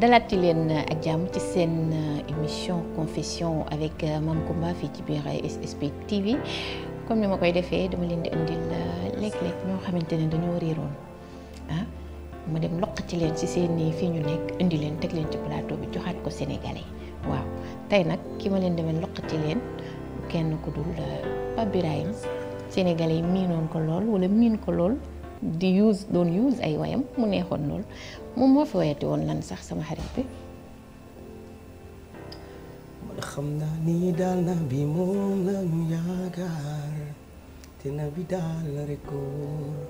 dalati leen ak jàmm ci seen euh, émission confession avec euh, Mame Coumba fii ci biir SSP TV comme ni ma koy defee dama leen di indi euh, léeg-léeg ñoo xamante ne dañoo réeroon ah ma dem loqati leen ci seen nii fii ñu nekk indi leen teg leen ci plateau bi joxaat ko Sénégalais waaw tey nag ki ma leen demee loqati leen kenn ku dul Pape Birahim Sénégalais yi miinoon ko lool wala miin ko lool. di use doon use ay wayam mu neexoon lool moom moo fi wayati woon lan sax sama xarit bi man xam naa ni daal na bi moom lañu te na bi daal na rek góor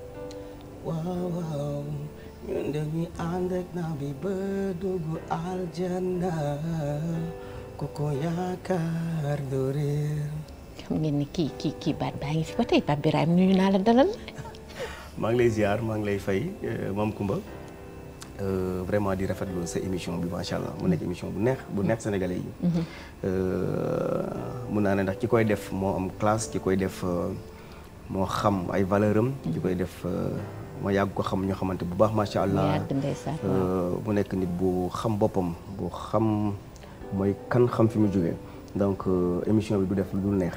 waaw waaw ñun dañuy ànd ak na bi ba dugg aljanna ku ko yaakaar doo réer xam ngeen ni kii kii kii baat baa ngi fi ba tey Pape Birahim nuyu naa la dalal maa ngi lay ziar maa ngi lay fay euh, Mame Coumba euh, vraiment di rafetlu sa émission bi macha allah mu nekk émission bu neex bu neex sénégalais mhm. euh, naa ne ndax ki koy def moo am ki koy def moo xam ay valeur am. ki koy def ma yàgg ko xam ñoo xamante bu baax macha allah. mu nekk nit bu xam boppam bu xam mooy kan xam fi mu jógee donc émission bi du def lu neex.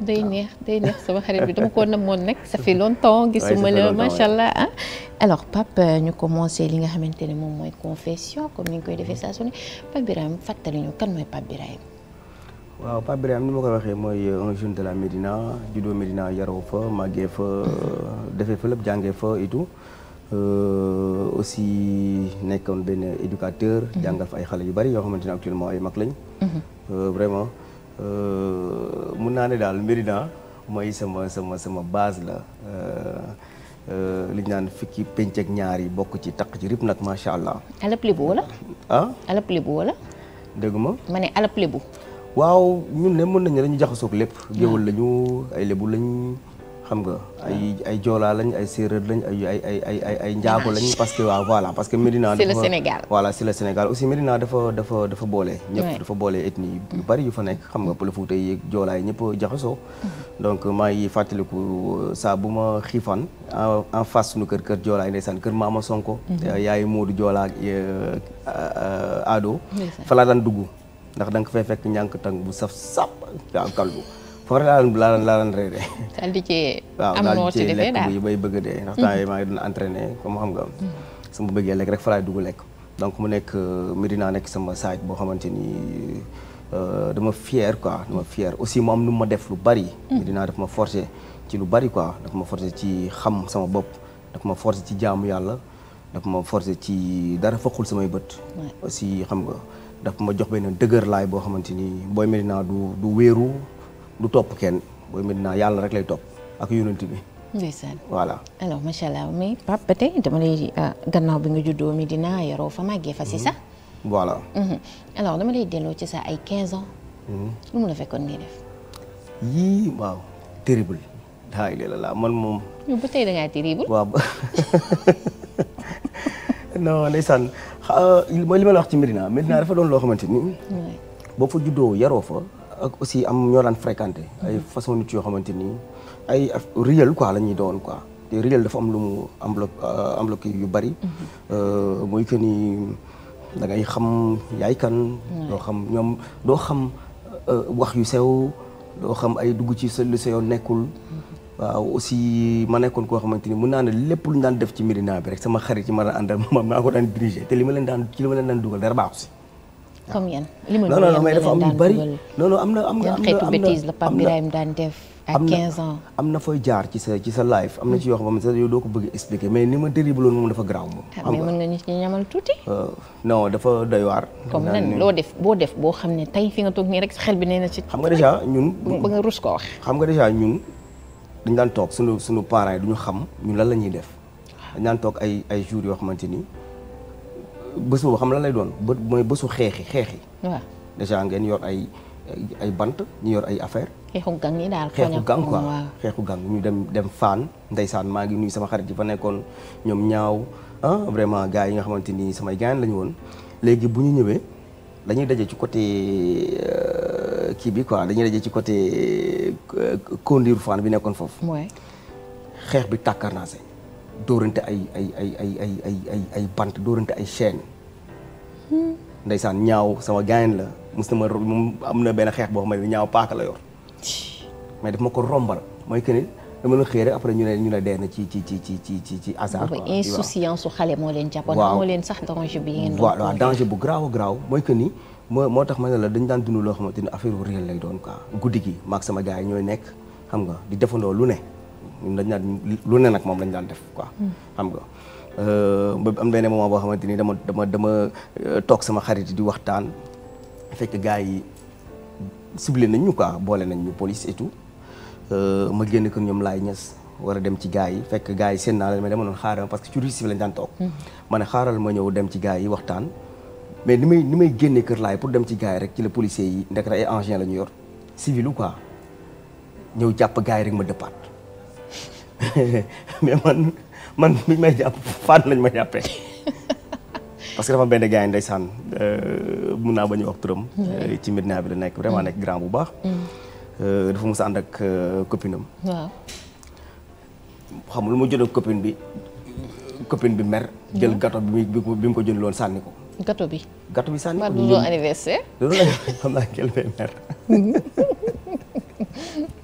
day neex day neex sama xarit bi dama ko namoon nag sa fait longtemps gisuma la macha allah ah alors Pape ñu commencé li nga xamante ne moom mooy confession comme ni ñu koy defee saa su ne Pape Birahim waaw Pape Birahim ma ko waxee mooy euh, un de la Médina juddoo Médina yaroo fa màggee fa defee fa lépp jàngee fa et euh, nekkoon benn éducateur mhm. jàngal fa ay xale yu bari yoo xamante ne actuellement ay mag lañ mhm. euh, Euh, mun naa ne daal Médina mooy sama sama sama base la euh, euh, li ñu naan fukki penc ñaari bokk ci takk ci rip nag macha allah. alap lébu wala. ah alap lébu wala. dégg ma ma ne alap lébu. waaw ñun ne mën nañu lañu jaxasook lépp. Ah. géwël lañu ay lébu lañu. xam nga ay ay joolaa lañ ay séeréer lañ ay ay njaago lañ parce que waaw voilà parce que Médina c'est le Sénégal voilà c'est le Sénégal aussi Médina dafa dafa dafa boole ñëpp dafa boole ethnie yu mm. bari yu fa nekk xam nga Pël Fuuta yi joolaa yi ñëpp jaxasoo mm. donc maa ngi fàttaliku euh, saa bu ma xiifaan en face suñu kër kër joolaa yi ndeysaan kër Maama Sonko mm-hmm. yaay Moodu joolaa ak euh, Ado fa dugg ndax da nga fay fekk ñànk tang bu saf sap waaw kalbu foofu laa daan laa daan laa ci bëgg a dee. ndax temps yii maa xam nga. su ma bëggee lekk rek fa laay dugg donc mu nekk Medina nekk sama site boo xamante ni eh, dama fier quoi dama fier aussi oh, mu am lu ma def lu bari. Hmm. Medina daf ma forcer ci lu bari quoi daf ma forcer ci xam sama bopp daf ma force ci jaamu yàlla daf ma forcer ci dara foqul samay bët. aussi oh, xam nga daf ma jox benn dëgër laay boo xamante ni booy Medina du du wéeru. du topp kenn booy Medina yàlla rek lay topp ak yonent bi. ndeysaan voilà alors macha allah mais Pape ba tey dama lay ah, gannaaw bi nga juddoo Medina yaroo fa màggee fa si hmm. hmm. sa ay 15 ans. Hmm. lu la fekkoon ngay def. yii waaw terrible. daa ah, wax ci Medina Medina dafa doon loo xamante boo fa juddoo yaroo fa. ak aussi am ñoo daan fréquenté ay façon nit yoo xamante ni ay réel quoi la ñuy doon quoi te réel dafa am lu mu enveloppe euh, yu bari muy mhm. euh, que ni da ngay xam yaay kan doo xam ñoom doo xam euh, wax yu sew doo xam ay dugg ci sa lu sew nekkul mhm. waaw aussi ma nekkoon koo xamante ni mën naa lu ñu def ci Médina bi rek sama xarit yi ma daan àndal moom maa ko daan dirigé te li ma leen daan ci li ma dara baaxu si comme yan li ma non non mais dafa am am na am na xeetu bêtise la Pape Birahim daan def à 15 ans am na fooy jaar ci sa ci sa am na ci yoo xam ne sax doo ko bëgg expliquer mais ni ma terrible loolu moom dafa garaaw moom ah, mais mën nga ñu ci ñamal tuuti euh, non dafa doy waar comme nan loo def boo def boo xam ne tey fi nga toog nii rek xel bi nee na ci xam nga déjà ñun ba nga rus ko wax xam nga déjà ñun dañ daan toog suñu suñu parents yi duñu xam ñun lan la ñuy def ah. dañ daan toog ay ay jours yoo xamante ni bés boobu xam lan lay doon bë mooy bésu xeexi xeexi. waaw dèjà ngeen yor ay ay bant ñu yor ay affaire xeexu gang yi daal xeexu ñu dem dem Fann ndeysaan maa ngi nuyu sama xarit yi fa nekkoon ñoom ñaaw ah vraiment gars yi nga xamante ni samay gaan lañu woon léegi bu ñu ñëwee dañuy daje ci côté euh, kii bi quoi dañuy daje ci côté conduire euh, Fann bi nekkoon foofu. xeex bi naa tàkkarnaase dóorante ay ay ay ay ay ay ay ay bant dóorante ay chaine ndeysaan ñaaw sama gaañ la mos na ma am na benn xeex boo xam ne ñaaw paaka la yor mais daf ma ko rombal mooy que ni dama la xëy rek après ñu ne ñu ne dee na ci ci ci ci ci ci ci assant quoi insouciance su xale moo leen jàppoon. waaw moo leen sax danger bi ngeen doon. waaw danger bu garaaw garaaw mooy que moo moo tax ma ne la dañ daan dund loo xamante ni affaire réel lay doon quoi. guddi gi maag sama gars yi ñooy nekk xam nga di defandoo lu ne. ñun dañ daan lu ne nag moom lañ daan def quoi hmm. xam nga euh, ba am benn moment boo xamante ni dama dama dama euh, toog sama xarit di waxtaan fekk gaa yi ciblé nañ ñu quoi boole nañ ñu police et tout euh, ma génn kër ñoom laay ñes war a dem ci gars yi fekk gars yi seen naa la mais dama doon parce que ci rusi bi lañ hmm. ma ne xaaral ma ñëw dem ci gars yi waxtaan mais ni may ni may génne kër laay pour dem ci gaa yi rek ci la policiers yi ndekete ay engins la ñu yor civil ou quoi ñëw jàpp gars yi rek ma dëppaat mais man man mi may jàpp Fane lañ ma jàppee parce que dafa benn gars yi ndeysaan euh, mun naa bañ a euh, ci Medina bi la nekk vraiment mm. nekk grand bu baax. Mm. Euh, dafa mos a ànd ak copine am. lu ma jënd copine bi copine bi mer. jël gâteau bi bi mu ko jënd loon sànni ko. gâteau bi. gâteau bi sànni ko du anniversaire. loolu la xam naa quel mer.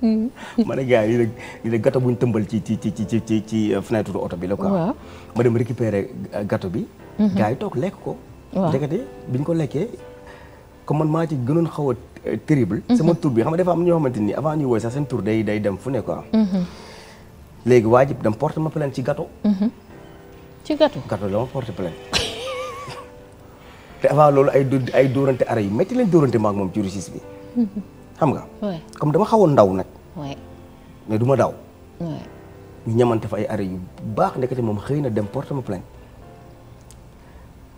Mm. ma ne gars yi ne gâteau bu ñu tëmbal ci ci ci ci ci ci euh, fenêtre bi la quoi. waaw ma dem récupérer euh, gâteau bi. Mm-hmm. gars yi toog lekk ko. waaw ndekete bi ko lekkee comme ma maa ci gënoon xaw a euh, terrible. Mm-hmm. sama tur bi xam nga dafa ni avant ñuy woy sax seen tur day day dem fu ne quoi. Mm-hmm. léegi waa ji dem porte ma plainte ci gâteau. ci gâteau gâteau la ma porte plainte. te avant loolu ay ay dóorante ara yu métti leen dóorante ma ak moom ci russis bi. xam nga. comme dama xawoon ndaw nag. mais du ma daw. ñu ñamante fa ay arrêt yu baax ndekete moom xëy na dem porte ma plainte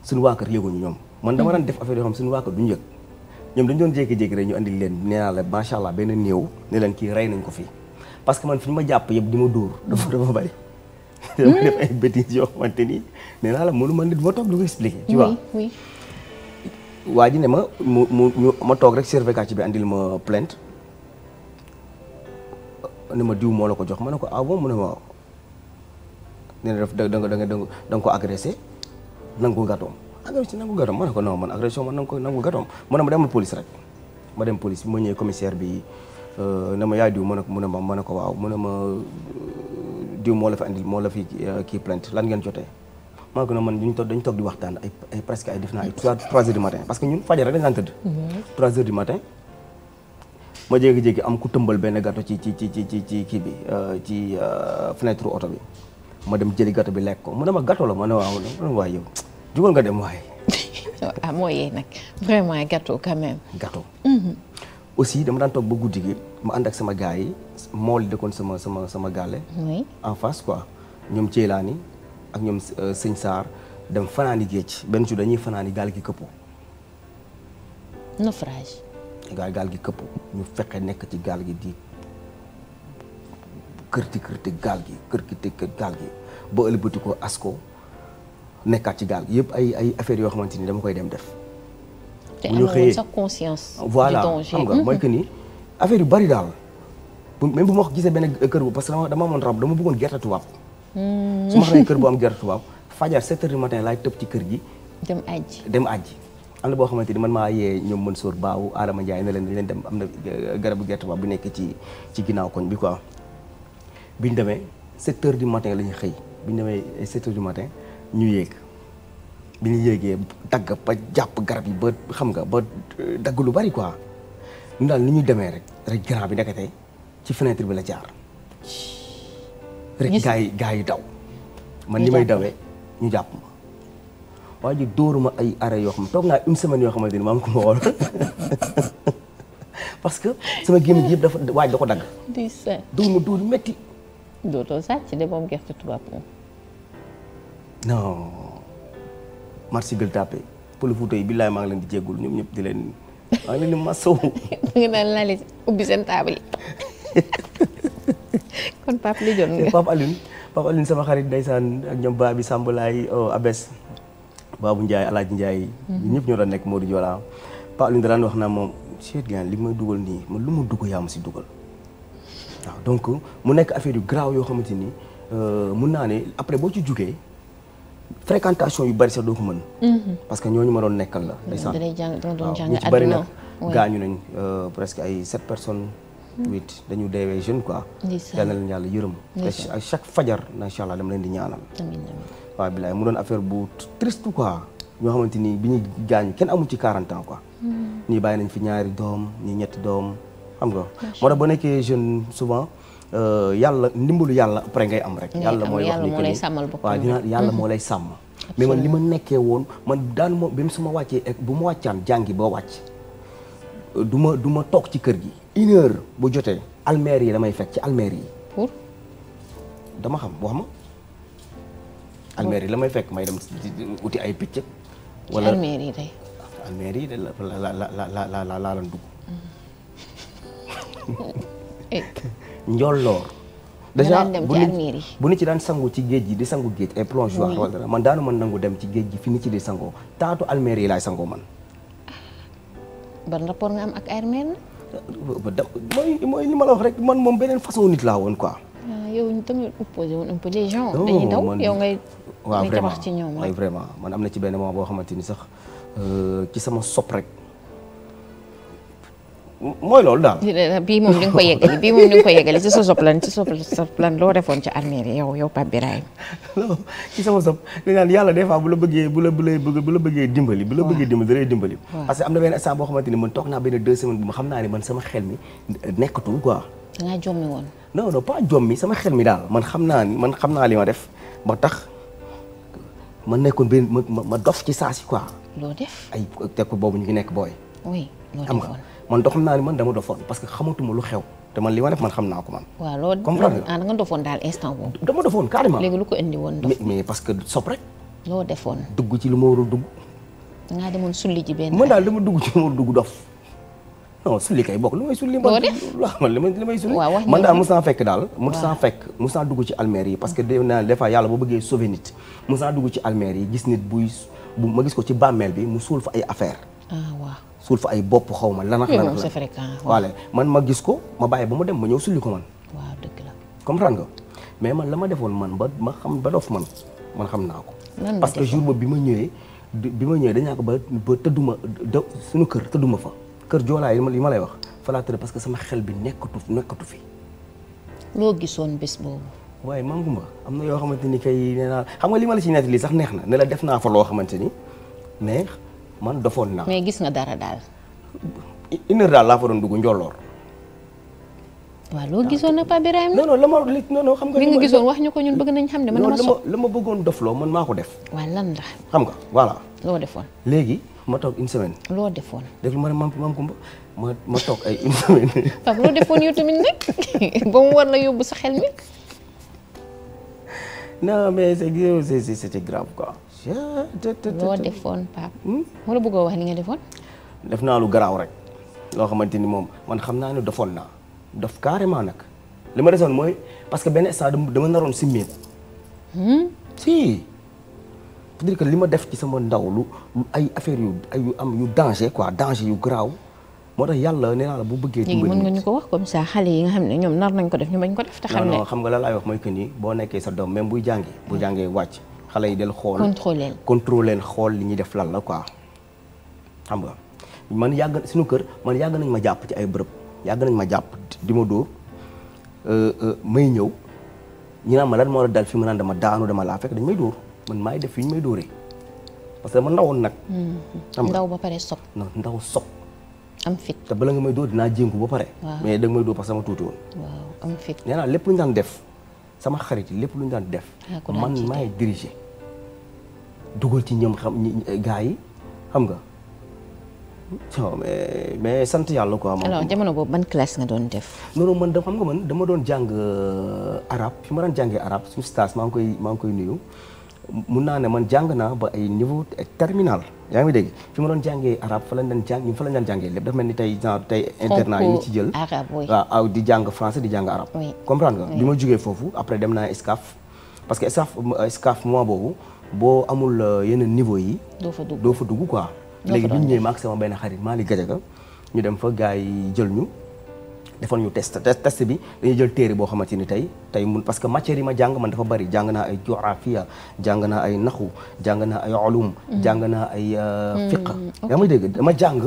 suñu waa kër yëguñu ñoom. man dama mm-hmm. daan def affaire yoo suñu waa kër duñu yëg ñoom dañu doon jékki-jékki rek ñu andi leen nee naa la macha allah benn néew ne leen kii rey nañ ko fii parce que man fi ñu ma jàpp yëpp di ma dóor dafa mm-hmm. dafa bari. dama def ay mm-hmm. bêtises yoo xamante ni nee naa la mënu ma nit ma waa ji ne ma mu mu ñu ma toog rek serveur quartier bi andil ma plainte ne ma diw moo la ko jox ma ne ko ah bon mu ne ma nee na daf da nga da nga da nga ko agressé nangu gàttoom agressé nangu ma ne ko man agression man nangu ko nangu gàttoom mu ne ma dem police rek ma dem police ma ñëwee commissaire bi euh, ne ma yaay diw ma ne ko mu ne ma ma ne ko waaw mu ne ma diw moo la fi andil moo la fi euh, kii plainte lan ngeen jotee. maa ko ne man dañu toog dañu di waxtaan ay ay presque ay def naa ay trois trois heures du matin parce que ñun fajar rek dañu tëdd. Mhm. trois heures du matin ma jékki am ku tëmbal benn gâteau ci ci ci ci ci kii bi euh, ci euh, fenêtre oto bi ma dem jëli gato bi lekk ko mu ne ma gato la ma ne waaw ma ne waaye yow jugal nga dem waaye. ah moo yee nag vraiment gâteau quand même. gâteau. Mhm. aussi dama daan toog ba guddi gi ma ànd ak sama gars yi mool dëkkoon sama sama sama gàlle. en face quoi ñoom Thielani. ak ñoom euh, sëñ Saar dem fanaani géej benn su dañuy fanaani gaal gi këppu. naufrage. gaal gi këppu ñu fexe nekk ci gaal gi di kër kërti gaal gi kërti kërti gaal gi ba ëlbati ko asko nekkaat ci gaal gi yëpp ay ay affaires yoo xamante ni dama koy dem def. bu ñu xëyee sa conscience. voilà xam nga mooy que ni affaire yu bari daal même bu ma ko gisee benn kër bu parce que dama amoon rab dama bëggoon gerte tubaab. Mm. su ma xamee kër bu am gerte tubaab fajar 7 heures du matin laay tëb ci kër gi. dem aji dem aji. am na boo xamante ni man maa yee ñoom Mansour Baaw Adama Ndiaye ne leen dañ leen dem am na euh, garabu gerte tubaab bu nekk ci ci ginnaaw koñ bi quoi. bi ñu demee secteur heures du matin la xëy bi ñu demee 7 heures du matin ñu yéeg bi ñu yéegee dagg ba jàpp garab yi ba xam nga ba euh, dagg lu bari quoi ñun daal ni ñu demee rek rek grand bi nekkatee ci fenêtre bi la jaar. rek gaa yi daw man ni may dawe ñu jàpp ma waa ji dóoruma ay arrêt yoo xam ne toog naa une semaine yoo xamante ni ma am ko ma parce que sama gémmiñ gi yëpp dafa waaj da ko dagg dóor ma dóor métti dootoo sàcc de moom gerte tubaab moom non marché Gueule Tapée pël Fuuta yi billaay maa ngi leen di jéggul ñoom ñëpp di leen maa ngi leen di masawu da nga naan laale kon Pape li nga eh, Pape Alioune Pape Alioune sama xarit ndeysaan ak ñoom baa bi Sambalaay oh, Abes Babou Ndiaye Alaaji Ndiaye. Mhm. ñëpp ñoo doon nekk Modou Diola Pape Alioune daan wax naa moom Cheikh Diagne li may dugal nii man lu ma dugg yaa ma si dugal. donc mu nekk affaire yu graaw yoo xamante ni euh, mun naa ne après boo ci jugee fréquentation yu bari sax doo ko mhm. que ñooñu ma doon la. ndeysaan bari nag gaañu nañ euh, presque ay sept personnes. huit dañu deewee jeune quoi. yal na yàlla yërëm. te à chaque fajar macha allah dama leen di ñaanal. waa waaw bilaay mu doon affaire bu triste quoi. ñoo xamante ni bi ñu gaañu kenn amul ci 40 ans quoi. Hmm. ñii bàyyi nañ fi ñaari doom ñii ñetti doom xam nga. moo tax ba nekkee jeune souvent. Euh, yàlla ndimbalu yàlla après ngay am rek. yàlla mooy wax ni que waaw dina yàlla hmm. moo lay sàmm. mais man li ma nekkee woon man daan ma bi mu sama wàccee bu ma wàccaan jàngi ba wàcc duma du ma toog ci kër gi. une heure bu jotee almeer yi damay fekk ci dama xam wax ma. la may fekk may dem uti ay picc. wala almeer yi day. almeer yi de la la dugg. Eh. njolloor. déjà nit ci daan sangu ci géej gi di sangu géej ay plongeoir wala man daanu mën nangu dem ci géej gi fi nit ci di sangoo taatu almeer yi laay sangoo man. mooy mooy li ma la wax rek man moom beneen façon nit laa woon quoi. Ah, yow tamit opposé woon un peu les gens. dañuy daw yow ngay. waa vraiment ci ñoom ah. vraiment man am na ci benn moment boo xamante ni sax euh, ci sama sop rek. mooy loolu daal. bii moom ñu ngi ko yeggali bii moom ñu ngi ko yeggali ci sa loo defoon ci armée yi yow yow Pape Birahim. non ci sama sop li naan yàlla des fois bu la bëggee bu la bu la bu la bëggee dimbali. bu la bëggee dimbali da lay dimbali. parce que am na benn instant boo xamante naa benn naa ne man sama xel mi nekkatul quoi. da ngaa jommi woon. non sama xel mi daal man xam naa ni man xam naa li ma def ba tax man ma nekkoon benn ma ma dof ci saa si quoi. loo def ay teg ko boobu ñu ngi nekk booy. man doxam naa ni man dama dofoon parce que xamatuma lu xew te man li ma def man xam naa ko man. waaw loolu comprendre nga ah, nga dofoon daal instant boobu. dama dofoon carrément léegi lu ko indi woon. dugg ci lu ma war a dugg. ngaa demoon sulli ji benn. man daal dama dugg ci lu ma war a dugg dof. non sulli kay bokk lu may sulli. doo def man li may li may sulli. waaw wax man daal mos saa fekk daal. waaw saa fekk mu saa dugg ci alméer yi parce que day naan des fois yàlla boo bëggee sauver nit. mos dugg ci alméer yi gis nit buy bu ma gis ko ci bàmmeel bi mu suul fa ay affaire. ah suul fa ay bopp xaw ma lan ak lan ak lan waale man ma gis ko ma bàyyi ba mu dem ma ñëw sulli ko man waaw dëgg nga mais man la ma defoon man ba ma xam ba dof man man xam naa ko parce que jour ba bi ma ñëwee bi ma ñëwee dañaa ko ba ba tëdduma da suñu kër tëdduma fa kër joolaa yi li ma lay wax fa laa parce que sama xel bi nekkatu nekkatu fi loo gisoon bis boobu waaye Mame Goumba am na yoo xamante ni kay nee naa xam nga li ma la ci li sax neex na ne def naa fa loo xamante ni mais man dofoon naa. mais gis nga dara daal. une daal laa fa doon dugg njolloor. waaw loo gisoon nag Pape Birahim. non la ma non non xam li nga gisoon wax ñu ko ñun bëgg nañ xam ne man. dama so la ma bëggoon dofloo man maa ko def. waaw lan la. xam nga voilà. loo defoon. léegi ma toog une semaine. loo defoon. dégg nga ma ne maam maam Kumba ma ma toog ay une semaine. Pape loo defoon yow tamit nag ba mu war la yóbbu sa xel mi. non mais c'est c'est quoi. loo defoon Pape. wala hmm? bëggoo wax ni nga defoon. def naa lu garaaw rek. loo xamante ni moom man xam naa ne defoon naa def carrément nag li ma desoon mooy parce que benn instant dama naroon simmeeku. Hmm? si. c'est-à-dire que def ci sama ndaw lu ay affaire yu ay yu am yu danger quoi danger yu garaaw moo tax yàlla nee naa la bu bëggee. dimbali léegi nga ñu ko wax comme ça xale yi nga xam ne ñoom nar nañ ko def ñu bañ ko def. te xam ne non xam nga la mooy que ni boo nekkee sa doom même buy jàngee. bu jàngee wàcc. xale yi del xool contrôler contrôler xool li ñuy def lan la ko xam nga man yàgg suñu kër man yàgg nañ ma jàpp ci ay bërëb yàgg nañ ma jàpp di ma dóor euh, euh, may ñëw ñu naan ma lan moo la dal fi ma naan dama daanu dama laa fekk dañ may dóor man maay def fii ñu may dóoree parce que ma ndawoon nag. ndaw ba pare sob non ndaw sob am fit te bala nga may dóor dinaa jéngu ba pare. mais danga may dóor parce que sama tuuti woon. waaw nee naa lépp lu ñu daan def. sama xarit yi lépp lu ñu daan def. Ah, man maay diriger. dugal ci ñoom xam gaa yi xam nga. mais mais sant yàlla ko moom alors jamono boobu ban classe nga doon def. non man da xam nga man dama doon jàng euh, arabe fi ma daan jàngee arabe suñu stage maa ngi koy maa ngi koy nuyu. mun naa ne man jàng naa ba ay niveau terminal yaa ngi dégg fi ma doon jàngee arab fa lañ daan jàng ñun fa lañ daan jàngee lépp dafa mel ni tey genre tey internat yi ñu ci jël waaw di jàng français di jàng arab comprendre nga bi ma jógee foofu après dem naa escaf parce que escaf escaf mois boobu boo amul euh, yeneen niveau yi doo fa dugg quoi léegi bi ñu ñëwee maak sama benn xarit Malick Gadiaga ñu dem fa gars yi jël ñu defal ñu test test bi dañuy jël téere boo xamante ni tey tey mun parce que matière yi ma jàng man dafa bari jàng naa ay juxaafiya jàng naa ay naxu jàng naa ay ulum mm. jàng naa ay euh, mm, fiq yaa may dégg dama jàng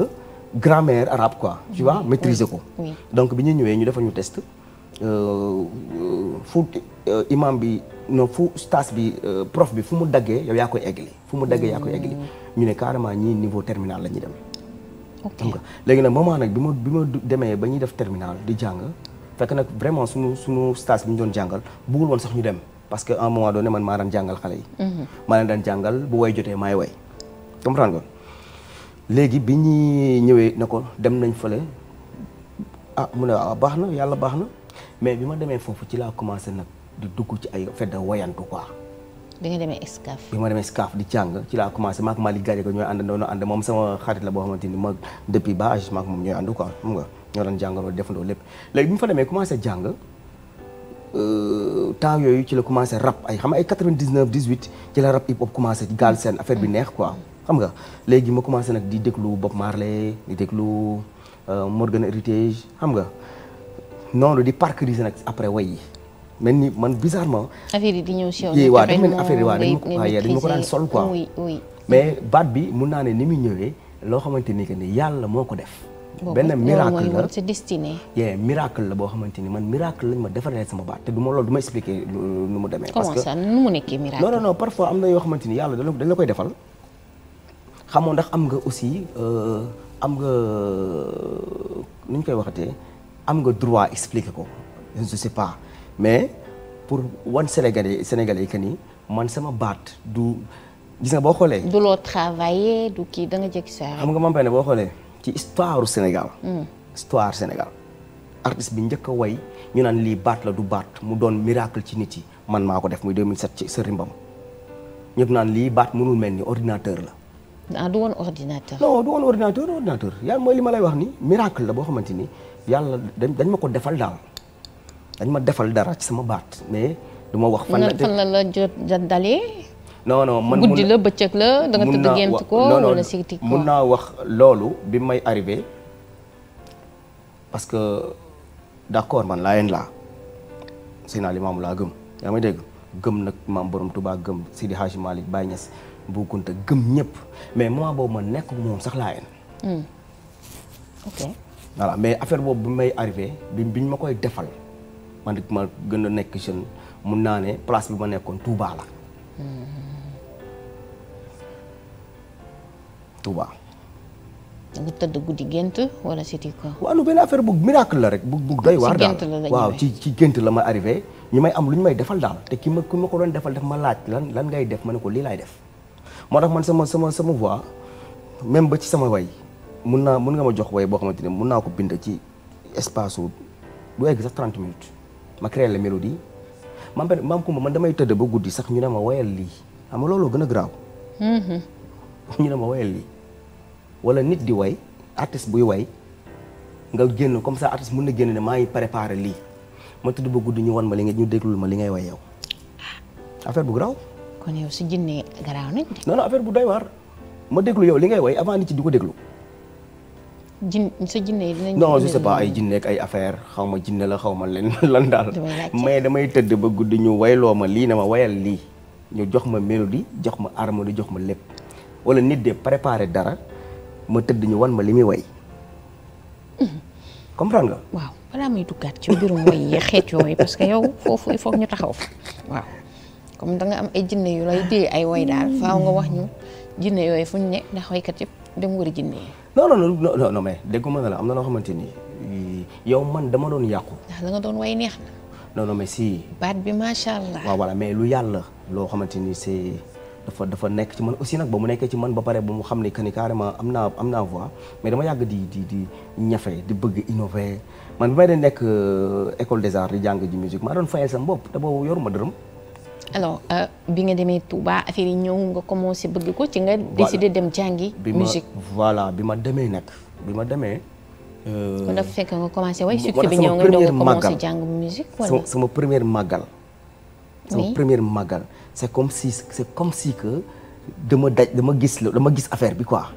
grammaire arabe quoi tu vois mm, maîtriser ko donc bi ñu ñëwee ñu defal ñu test euh, fu euh, imam bi non fu stage bi prof bi fu mu daggee yow yaa koy eggali fu mu daggee yaa koy eggali ñu ne carrément ñii niveau terminal la ñuy dem xam nga léegi nag moment nag bi ma bi ma demee ba ñuy def terminal di jàng fekk nag vraiment suñu suñu stage bi ñu doon jàngal bëggul woon sax ñu dem parce que à un moment donné man maa daan jàngal xale yi mhm. maa daan jàngal bu way jotee maay way comprendre nga léegi bi ñuy ñëwee ne ko dem nañ fale ah mu ne waaw ah baax na yàlla baax na mais bi ma demee foofu ci laa commencé nag di dugg ci ay fedda wayantu quoi di nga demee Escaf. bi ma demee Escaf di jàng ci laa commencé maak Malick Gadiaga ñooy ànd doon ànd moom sama xarit la boo xamante ni ma depuis ba âge maak moom ñooy ànd quoi xam nga ñoo lépp léegi bi mu fa demee commencé jàng euh, yooyu ci la commencé rap ay xam ay 99 18 ci la rap hip hop commencé gaal seen affaire bi xam nga léegi ma commencé nag di déglu Bob Marley di déglu euh, Morgan Heritage xam nga noonu di parcuriser nag après way yi mel ni man bizarrement. affaire yi di ñëw si yow. yi waaw dafa mel ni affaire yi waaw dañu ko daan sol quoi. mais baat bi mun naa ne ni muy ñëwee loo xamante ni que ni yàlla moo ko def. benn miracle la c'est destiné. yee miracle la boo xamante ni man miracle lañ ma defaree sama baat te du ma loolu du ma expliquer nu mu demee. parce que comment ça nu mu nekkee miracle. non non non parfois am na yoo xamante ni yàlla dañ la koy defal xamoo ndax am nga aussi euh, am nga euh, nu ñu koy waxatee am nga droit expliquer ko je ne sais pas. mais pour wan Sénégalais yi que ni man sama baat du gis nga boo xoolee. du loo travailler du kii da nga jëkk sa xam nga Mame Penda boo xoolee ci histoire Sénégal. Mm. histoire Sénégal. artiste bi njëkk a way ñu naan lii baat la du baat mu doon miracle ci nit yi man maa ko def muy 2007 ci Serigne Mbam ñu naan lii baat mënul mel ni ordinateur la. ah du woon ordinateur. non du woon ordinateur ordinateur yàlla mooy li ma lay wax ni miracle la boo xamante ni yàlla dañ ma ko defal daal. dañ ma defal dara ci sama baat mais du ma wax. fan la la la jot dalee. non non man guddi la bëccëg la da nga tëdd gént ko wala siiti ko mun naa wax loolu bi may arrivé parce que d'accord man laayeen laa si naa li Limaamu laa gëm yaa ma dégg gëm nag maam borom Tuubaa gëm Sidi Hadji Malick Baye Niass Bou Kounta gëm ñëpp mais moment boobu ma nekk moom sax laayeen hmm. ok voilà mais affaire boobu bi may arrivé bi biñ ma koy defal man it ma gën nekk jeune mun naa ne place bi ma nekkoon Touba la. Touba. nga tëdd guddi gént wala siti ko. benn affaire bu miracle la rek bu bu doy waar daal waaw ci ci gént la ma arrivé ñu may lu ñu may defal daal te ki ma ki ma ko doon defal def ma laaj lan lan def ma ne ko lii laay def moo tax man sama sama sama voix même ba ci sama way mun naa mun nga ma jox way boo xamante ne mun naa ko bind ci espace su du egg sax 30 minutes. ma créé la mélodie maam benn Kumba man damay tëdd ba guddi sax ñu ne ma woyal lii xam nga looloo gën a garaaw. Mhm. ñu ne ma woyal lii. wala nit di way artiste buy way nga génn comme sa artiste mun na génn ne maa ngi préparé lii ma tëdd ba guddi ñu wan ma li nga ñu déglul ma li ngay way yow affaire bu garaaw. kon yow su jinne garaaw nañ. non non bu doy waar ma déglu yow li ngay way avant nit ci di ko déglu. jin sa jinne yi dinañ non je sais ay jinne ak ay affaire xaw ma jinne la xaw ma leen lan daal mais damay tëdd ba guddi ñu wayloo ma lii na ma woyal lii ñu jox ma mélodie jox ma harmonie jox ma lépp wala nit de préparé dara ma tëdd ñu wan ma li muy way comprendre nga waaw balaa may duggaat ci mbirum way yi xeet yooyu parce que yow foofu il faut ñu taxaw fa waaw comme da nga am ay jinne yu lay dee ay way daal faaw nga wax ñu jinne yooyu fuñ ne ndax waykat dem wër jinne yi non non non non ma dégguma na la am na loo xamante ni yow man dama doon yàqu. ndax ah, la doon way neex na. non non si. bat bi macha allah. waaw mais lu yàlla loo xamante ni c'est dafa dafa nekk ci man aussi nag ba mu nekkee ci man ba pare ba mu xam ne que ni carrément am naa am na voix mais dama yàgg di di di ñafe di bëgg innover man ba may de nekk euh, école des arts di jàng ji musique maa doon fayal sama bopp te boobu ma dërëm. alors euh, bi nga demee Touba affaire yi ñëw nga commencé bëgg ko ci nga. décidé dem jàngi. musique bi ma voilà bi ma demee nag bi ma demee. Euh, kon dafa nga commencé way succès bi ñëw nga doog a commencé jàng musique wala sama première màggal. sama première màggal est comme si c' comme si dama daj dama gis la dama gis affaire bi quoi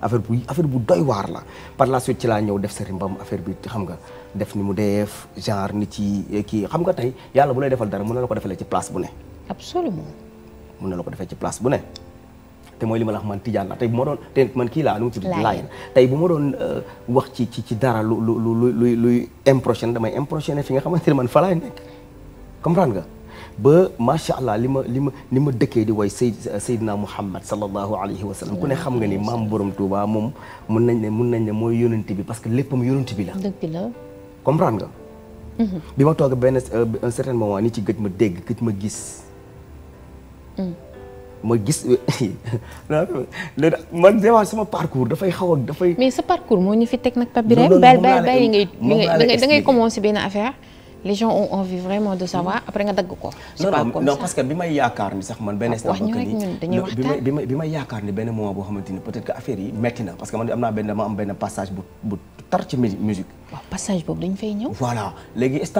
affaire bu affaire bu doy waar la par la suite ci laa ñëw def sa rimbam affaire bi xam nga. def ni mu def genre ni ci kii xam nga tey yàlla bu lay defal dara mun na la ko defalee ci place bu ne. absolument. mën na la ko defee ci place bu ne. te mooy li ma la wax man tijaan la tey bu ma doon man kii laa nu mu tey bu ma doon euh, wax ci ci ci dara lu lu lu luy luy de may impressionné fi nga xamante ne man fa laay nga ba macha allah li ma li ma li ma dëkkee di way Seyd Seydina Muhammad sallallahu alayhi wa sallam ku ne xam nga ni maam borom Touba moom mun nañ ne mun nañ ne mooy yoonante bi parce que léppam yonent bi la. dëgg la. comprendre nga. Mhm. bi ma toog benn euh, un certain moment ni ci gëj ma dégg gëj ma gis. Mhm. ma gis man vraiment sama parcours dafay xaw ak dafay. mais sa parcours moo ñu fi teg nag Pape Birahim. loolu moom laa ngay ngay commencé benn affaire. les gens ont envie vraiment de mm-hmm. après nga dagg ko. non non non parce yaakaar sax man. benn ah, instant bi may bi may yaakaar ni benn moment boo xamante ni peut-être que affaire yi metti na parce que man am naa benn dama am benn passage bu bu tar ci musique. waaw passage boobu dañ fay ñëw.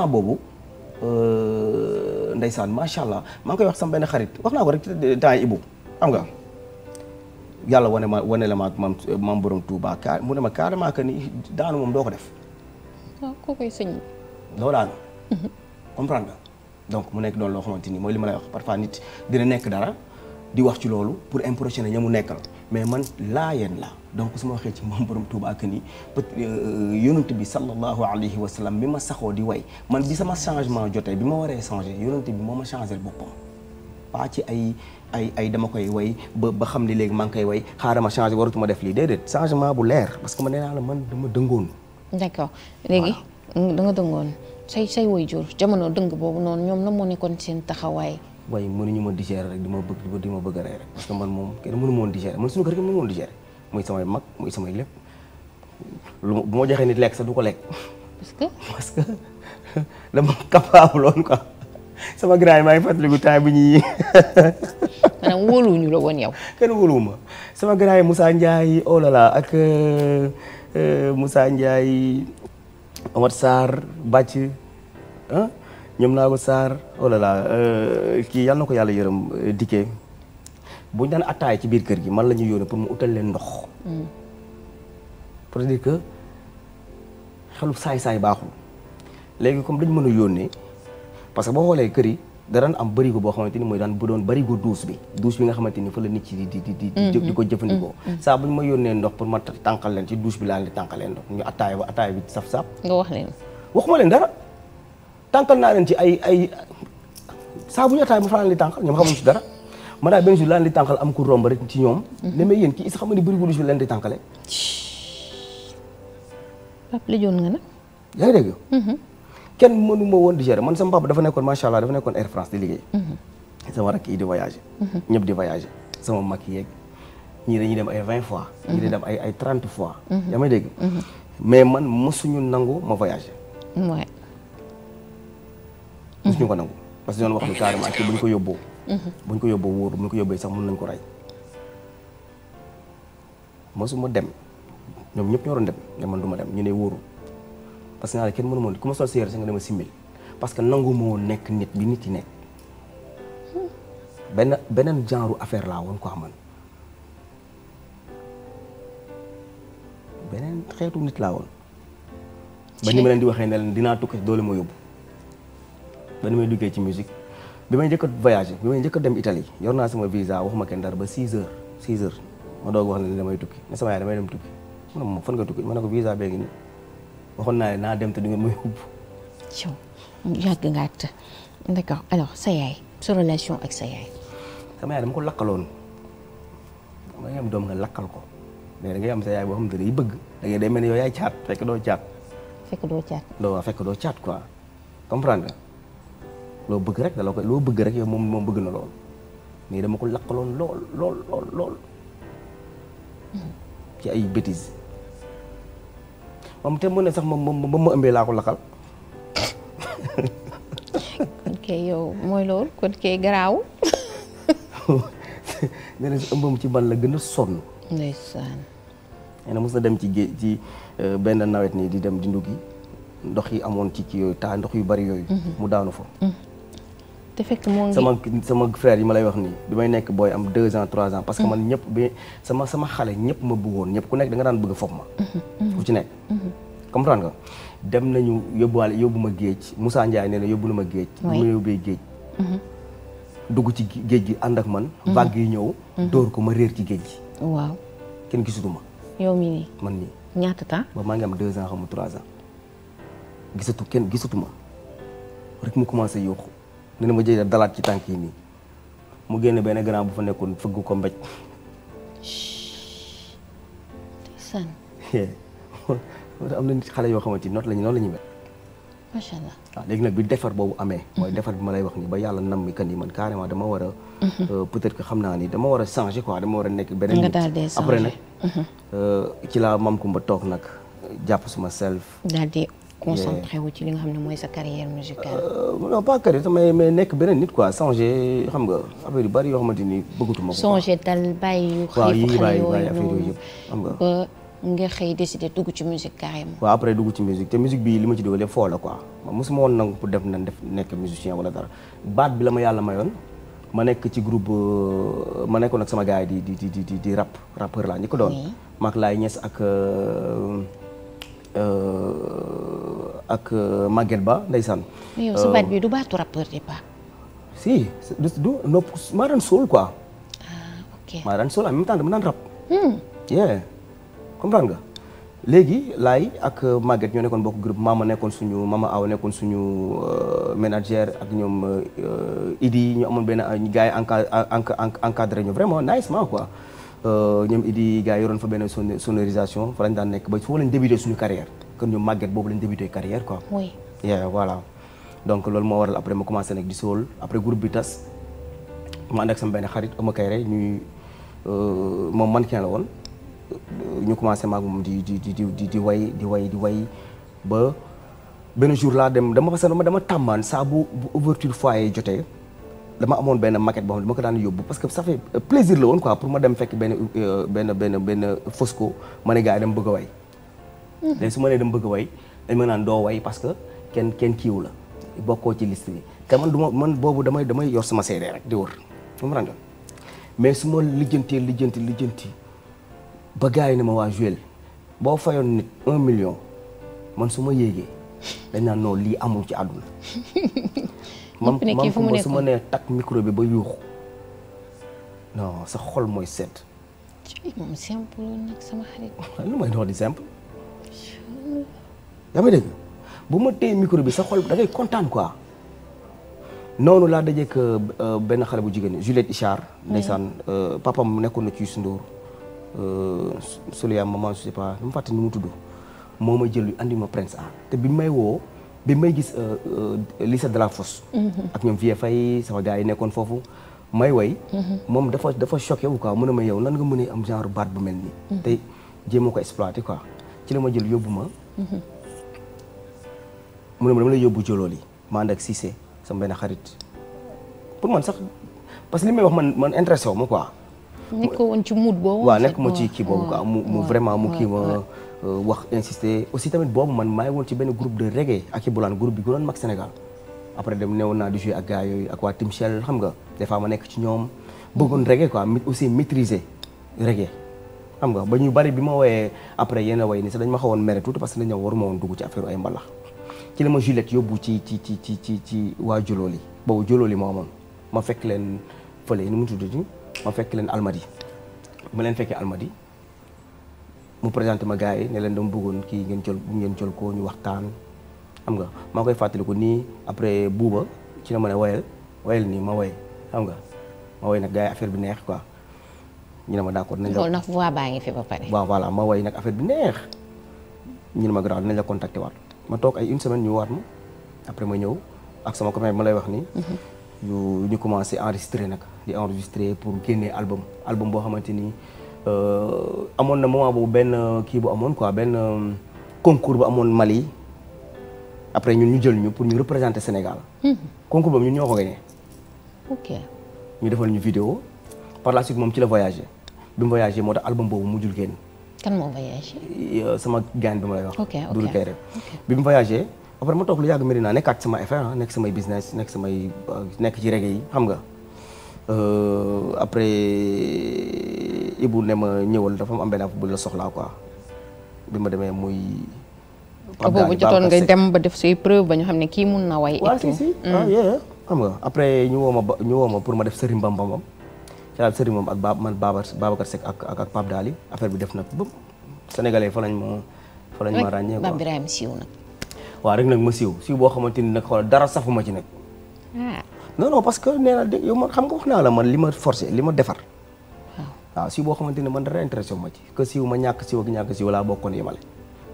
boobu. Euh, ndeysaan macha allah maa ngi koy wax sama benn xarit wax naa ko rek temps yi Ibou nga yàlla wane ma wane la ma man mam borom Touba ka mu ne ma carrément que ni daanu moom doo ko def. waaw ah, kooku comprendre nga donc mu nekk doon loo xamante ni mooy li ma lay wax parfois nit dina nekk dara di wax ci loolu pour na ña mu nekkal mais man laa laayeen la donc su ma waxee ci moom borom Tuuba ak ni euh, yonent bi sallallahu alayhi wa sallam bi ma saxoo di way man bi sama changement jotee bi ma waree changé yonent bi moo ma changé boppam pas ci ay ay ay dama koy way ba ba xam ne léegi maa koy way xaaral ma changé waratuma def lii déedéet changement bu leer parce que ma nee naa la man dama dëngoon. d'accord léegi da dëngoon. say say waajur jamono dëng boobu noonu ñoom la moo nekkoon seen taxawaay. waaye mënuñu ma digérer rek di ma bëgg di ma bëgg a rey rek parce que man moom kenn mënu ma woon digérer man suñu muy samay mag muy samay lépp lu ma joxe ma nit lekk sa du ko lekk. parce que parce que dama capable woon sama grand yi maa ngi fàttaliku temps bi ñuy. maanaam wóoluwuñu la woon yow. kenn wóoluwuma sama grand yi Moussa Ndiaye oh là ak euh, euh, Moussa Ndiaye. Omar Sarr Bàcc ah, ñoom naa ko Sarr oh là euh, kii yàlla na ko yàlla yërëm euh, dikkee bu ñu daan attaay ci biir kër gi man la ñuy yónnee pour mu utal leen ndox. Mm. pour dire que xelu saay-saay baaxul léegi comme dañ mën a yónnee parce que boo xoolee kër yi. danañ am bari bërigo boo xamante ni mooy daan bu doon bërigo douche bi douche bi nga xamante ni fa la nit ci di di di di ko mm-hmm. jëfandikoo mm-hmm. saa bu ñu ma yónnee ndox pour ma tànqal leen ci douche bi laa leen di tànqalee ndox ñu attaaya ba attaaya bi saf naa leen ci ay ay saa bu ñu attaaya ba fa leen di dara man daal benn jour laan di tànqal am ku romb rek ci ñoom mm-hmm. ne mais yéen kii is xam nga ni bërigo douche bi leen di tànqale Pape la joon nga nag kenn mënuma woon di gérer man sama papa dafa nekkoon macha allah dafa nekkoon Air France di liggéey. Mm-hmm. sama rakk yi di voyager. Mm-hmm. ñëpp di voyager sama mag yeeg ñii dañuy dem ay vingt fois. Mm-hmm. ñii dañuy dem ay ay trente fois. yaa may dégg. mais man mosuñu nangu ma voyager. waay. mosuñu ko nangu parce que ñoom wax ni carrément ak buñ ko yóbboo. buñ ko yóbboo wóor buñ ko yóbbee sax mën nañ ko rey. mosuma dem ñoom ñëpp ñoo doon dem mais man du dem ñu ne wóorul. parce que naa la kenn mënu ma ku ma sol sa yére sax nga dama simmil parce que nangu moo nekk nit bi nit yi nekk beneen genre affaire laa woon quoi man beneen xeetu nit laa woon. ba ni ma di waxee ne leen dinaa tukki doole ma yóbbu ba ni may duggee ci musique bi may njëkk a voyagé bi may njëkk a dem Italie yor naa sama visa waxuma kenn dara ba 6 heures 6 heures ma doog wax ne damay tukki ne sama yaay damay dem tukki ma ne ma nga tukki ma ne ko visa bee waxoon naa ne naa dem te du ngeen may xubb. yow yàgg nga at d'accord alors sa yaay sa relation ak sa yaay. sama yaay dama ko lakkaloon da ngay doom nga lakkal ko mais da ngay am sa yaay boo xam ne day bëgg da day mel ni yow yaay caat fekk doo caat. fekk doo caat. doo waaw fekk caat quoi comprendre loo bëgg rek da loo bëgg rek yow moom moom bëgg na lool mais dama ko lakkaloon lool lool lool mm-hmm. ci ay bitis moom te mu ne sax moom ma ëmbee laa ko lakkal. kon kay yow mooy loolu kon kay garaaw. nee na ëmbam ci ban la gën a sonn. ndeysaan. nee na mos na dem ci géej ci euh, benn nawet nii di dem di nduggi ndox yi amoon ci kii yooyu taa ndox yu bari yooyu. Mhm. mu daanu fa. Mhm. te fekk sama sama frère yi ma lay wax nii bi may nekk booy am deux ans trois ans. parce que mm. man ñëpp bi sama sama xale ñëpp ma bëggoon ñëpp ku nekk da nga daan bëgg foog ma. ku mm-hmm, mm-hmm. ci nekk. Mm-hmm. comprendre nga dem nañu yóbbuwaale yóbbu ma géej musaa Ndiaye nee na yóbbu na ma géej. oui mu yóbbee géej. dugg ci géej gi ànd ak man. vague yi ñëw. dóor ko ma réer ci géej gi. kenn gisatu ma. yow mii nii man nii. ñaata temps ba maa ngi am deux ans xamu trois ans gisatu kenn gisatu ma rek mu commencé yokku. dina ma jëlee dalaat ci tànk yi nii mu génne benn grand bu fa nekkoon fëgg ko mbéj. san. am na xale yoo xamante ni noonu la ñu la ñu mel. macha allah ah, léegi nag bi defar boobu amee. Mhm. mooy defar bi ma lay wax nii ba yàlla nam mi kan ni man dama war a. Mhm. Euh, peut-être xam naa ni dama war a changer quoi dama war a nekk beneen. nga daal après nag. Mhm. Euh, ci la mam kumba toog nag jàpp suma self. concentré ci li nga xam ne mooy sa carrière musicale. Euh, non pas carrière mais mais nekk beneen nit quoi changer xam nga affaire yu bari yoo xamante ni bëggatuma ko. changer dal bàyyi xam nga. ba nga xëy décider dugg ci musique carrément. waaw après dugg ci musique te musique bi li ma ci dugalee foo la quoi man mosuma woon nangu pour def na def nekk musicien wala dara baat bi la ma yàlla mayoon. ma nekk ci groupe euh, ma nekkoon ak sama gars yi di di di di di rap rappeur laa ñu ko doon. maak laay ñes ak. Euh, ak euh, Maguette Ba ndeysaan. mais yow sa baat euh, du baatu rappeur de pas. si du du nopp maa daan soul quoi. ah ok maa daan soul en même temps dama daan hmm. nga. léegi laay ak euh, Maguette ñoo nekkoon bokk groupe maama nekkoon suñu maama aw nekkoon suñu manager ak ñoom Idi ñu amoon benn gars yi enca encadré ñu vraiment nicement quoi. ñoom Idi gars yi yoroon fa benn sonorisation fa lañ daan nekk ba foofu lañ suñu carrière. kon ñu màgget boobu lañ débuté carrière quoi. oui yeah, voilà. donc loolu moo waral après ma commencé nag di sool après groupe bi tas ma ànd ak sama benn xarit Ama Kayre ñuy euh, moom mannequin la woon ñu commencé maag moom di di di di di way way di way ba benn laa dem dama parce que dama tàmmaan saa bu bu ouverture foyer jotee dama amoon benn maquette boo xam ne dama daan yóbbu parce que ça fait euh, plaisir la woon quoi pour ma dem fekk benn euh, benn benn benn fosco ma ne gars yi dem bëgg a way. léegi mm-hmm. su ma nee dama bëgg way dañ ma naan doo way parce que kenn kenn kiiw la bokkoo ci liste bi te man du ma man boobu damay damay yor sama CD rek di wër comprendre mais su ma lijjantee lijjanti lijjanti ba gars yi ne ma waa Juel boo fayoon nit un million man su ma yéegee dañ naan lii amul ci àdduna man man su ma nee takk micro bi ba yuuxu non sa xol mooy sedd lu may dox di yaa may dégg bu ma téye micro bi sa xol da ngay kontaan quoi noonu laa dajeek euh, benn xale bu jigéen Juliette Ichard ndeysaan euh, papam nekkoon na ci su Ndour euh, Souleya maman je sais nu mu fàtte ni mu tudd moo ma jël andi ma Prince Art te bi may woo bi may gis Lisa Delafosse mhm. ak ñoom vie fay sama gars yi nekkoon foofu may woy mhm. moom dafa dafa choqué wu quoi mu ne ma yow nan nga mën am genre baat bu mel nii. Mhm. tey jéem a ko exploité quoi ci la ma jël yóbbu ma mu ne ma dama lay yóbbu jolool yi ma ànd ak sama benn xarit pour man sax parce que li wax man man intéressé wu ma quoi. nekk woon ci mood boobu. waaw nekk ma ci kii boobu quoi mu mu vraiment mu kii ma euh, wax insister. aussi tamit boobu man maa ngi woon ci benn groupe de reggae ak i bulaan groupe bi gënoon mag Sénégal après dem newoon naa di jouer ak gars yooyu ak waa Tim Shell xam nga des fois ma nekk ci ñoom bëggoon reggae quoi mais aussi maîtriser reggae. xam nga ba ñu bari bi ma woyee après yenn way ni sax dañ ma xawoon mere tuuti parce que dañ waruma woon dugg ci affaire ay mbalax ci la ma Juliette yóbbu ci ci ci ci ci ci waa Jolooli boobu Jolooli moo amoon ma fekk leen fële nu mu tuddati ma fekk leen Almadi ma leen fekkee Almadi mu présenté ma gars yi ne leen dama bëggoon kii ngeen jël ngeen jël ko ñu waxtaan xam nga maa koy fàttaliku nii après buuba ci la ma ne woyal woyal nii ma woy xam nga ma woy nag gars yi affaire bi neex quoi ñu ne ma d'accord nañ la. loolu nag voix baa ngi fi ba pare. waaw voilà ma way nag affaire bi neex ñu ne ma grave nañ la contacté waat ma toog ay une semaine ñu waat ma après ma ñëw ak sama copain ma lay wax nii. ñu mhm. ñu commencé enregistré nag di enregistré pour génnee album album boo xamante ni euh, amoon na moment boobu benn kii bu amoon quoi benn euh, concours bu amoon Mali après ñun ñu jël ñu pour ñu représenter Sénégal. Mhm. concours boobu ñu ñoo ko gagné. ñu defal ñu vidéo par moom ci la voyagé. bi mu voyagé moo tax album boobu mujjul génn. kan moo voyagé. sama gaan bi ma lay wax. ok ok bi mu voyagé. après ma toog lu yàgg Medina nekkaat sama affaire ah, nekk samay business nekk samay euh, nekk ci reggae yi xam nga. Euh, après Ibou ne ma ñëwal dafa am benn bu la soxlaa quoi bi ma demee muy. Pape boobu jotoon nga dem ba def say preuve ba ñu xam ne kii mun na way. et tout waaw mm. ah, xam nga après ñu woo ma ba ñu woo ma pour ma def sëriñ Bambam. Théâtre Serigne moom ak ba man Babacar ak ak Pape Daly affaire bi def na ba sénégalais fa lañ ma fa lañ ma ràññee quoi Birahim siiw nag waaw rek nag ma siiw siiw boo xamante ni nag xoolal dara safuma ci nag ah. non parce que nee na xam nga wax naa la man li ma forcé li ma defar waaw siiw boo xamante ni man dara intéressé wu ma ci que siiw ma ñàkk siiw ak ñàkk siiw laa bokkoon yemale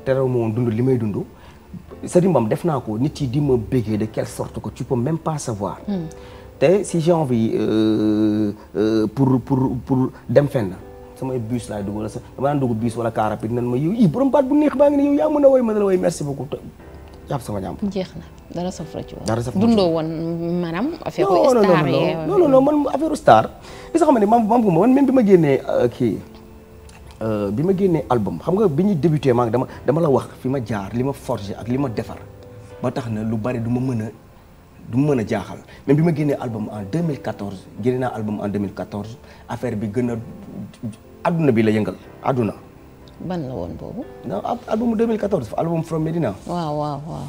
terew ma woon li may dund Serigne Mbam def naa ko nit yi di ma bégee de quelle sorte que tu peux même savoir hmm. te si j'ai envie euh, euh, pour pour pour dem fenn samay bus laay dugg wala sa dama daan dugg bus wala car rapide nan ma yow borom baat bu neex baa ngi ne yow yaa mën a woy ma dala woy merci beaucoup jàpp sama jeex na dara saf la ci woon. dara saf la ci woon dundoo woon maanaam. affaire star yee non non non man affaire star. li nga xam ne maam maam Koumba bi ma génnee euh, kii bi ma génnee album xam nga bi ñuy débuté maa ngi dama dama la wax fi ma jaar li ma forgé ak li ma defar ba tax na lu bari du ma mën a. du mu mën a jaaxal même bi ma génnee album en 2014 génne naa album en 2014 affaire bi gën a bi la yëngal adduna. ban la woon boobu. non album 2014 album From Medina. waaw waaw waaw.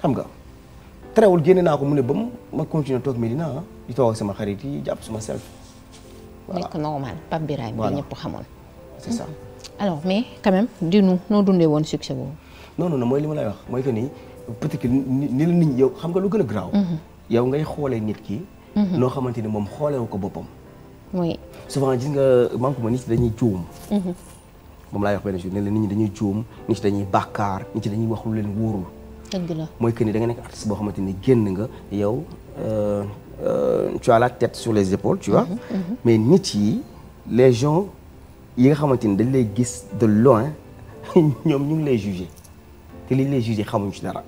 xam nga terewul génne naa ko mu ne ba mu ma continuer toog Medina ah, di toog ak sama xarit yi jàpp suma self. voilà nekk normal Pape Birahim bi ñëpp xamoon. c'est ça. Hmm. alors mais quand même noo dundee woon succès boobu. non non mooy li ma lay wax mooy que peut-être que ni la nit ñi yow xam nga lu gën a garaaw. Mhm. yow ngay xoolee nit ki. noo mhm. xamante ni moom xoolewu ko boppam. oui souvent gis nga man ko ma nit dañuy juum. Mhm. moom laay wax benn ne la nit ñi dañuy juum nit ñi dañuy bàkkaar nit ñi dañuy wax lu leen wóorul. dëgg mooy que ni da nga nekk artiste boo xamante ni génn nga yow euh, euh, tu as la les épaules tu vois. mais nit yi les gens yi nga xamante ni dañ lay gis de loin ñoom ñu ngi lay te li ñu lay jugé xamuñu ci dara.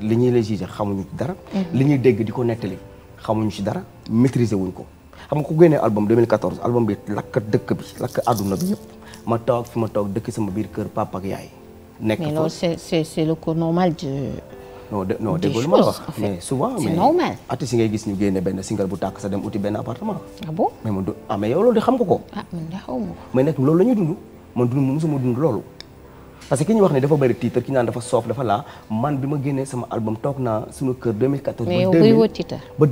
li ñuy lay jugé xamuñu ci dara. Mhm. li ñuy dégg di ko nettali xamuñu ci dara maîtriser wuñ ko. xam nga ku génnee album 2014 album bi lakk dëkk bi lakk àdduna bi yëpp ma toog fi ma toog dëkk sama biir kër papa ak yaay. nekk mais loolu c'est c'est c'est le cours normal de. non de non déggoo lu ma la wax mais ngay gis ñu génne benn single bu tàkk sa dem uti benn appartement. ah bon mais du ah mais yow loolu de xam nga ko. ah man ma. nekk nag loolu la ñuy dund man dund mosuma dund loolu. parce que ki ñu wax ne dafa bëri titre ki naan dafa soof dafa laa man bi ma génnee sama album toog naa suñu kër 2014. mais yow buy wut titre ba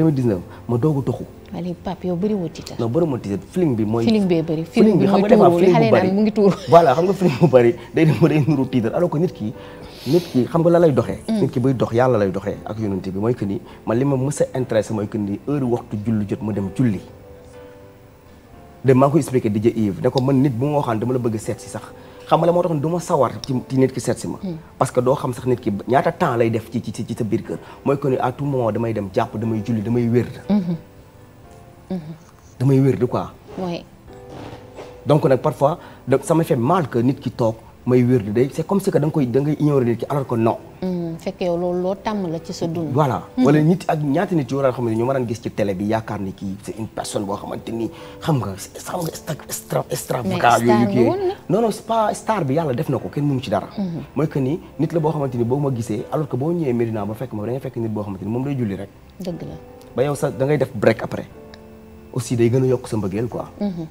hmm. ma doog a toxu. waaye léegi Pape bi mooy. feeling xam nga dafa feeling bu mu ngi nga feeling day dem ba day nuru titre alors que nit ki. nit ki xam nga la lay doxee. Hmm. nit ki buy dox yàlla lay doxee ak yonent bi mooy que ni li ma mës a intéressé mooy que ni heure waxtu julli jot mu dem julli. de maa ngi koy expliqué DJ Yves ne ko man nit bu ma waxaan dama la bëgg seet sax xam moo tax du ma sawar ci nit ki seet ma hmm. parce que doo xam sax nit ki ñaata temps lay def ci ci ci biir kër mooy que ni à tout moment damay dem jàpp damay julli damay wér hmm. Hmm. damay wér de quoi donc nag parfois da ça mal que nit ki toog may wér di day c'est si que da nga koy da ngay ignorer nit ki alors que non. Mm, fekk yow loolu loo tàmm la ci sa dund. voilà mm. nit ak ñaata nit yoo xam ne ñu mën a gis ci bi yaakaar ni kii c'est une personne boo xam nga xam nga extra extravagant yooyu kii non non c'est pas star bi def na ko kenn mënu ci dara. Mm-hmm. mooy que ni nit la boo xamante ni boo ma gisee alors que boo ñëwee Medina ba fekk ma da nga fekk nit boo xamante ni moom day julli rek. dëgg la ba yow sax da ngay def day gën a yokk sa mbëggeel quoi. Mm-hmm.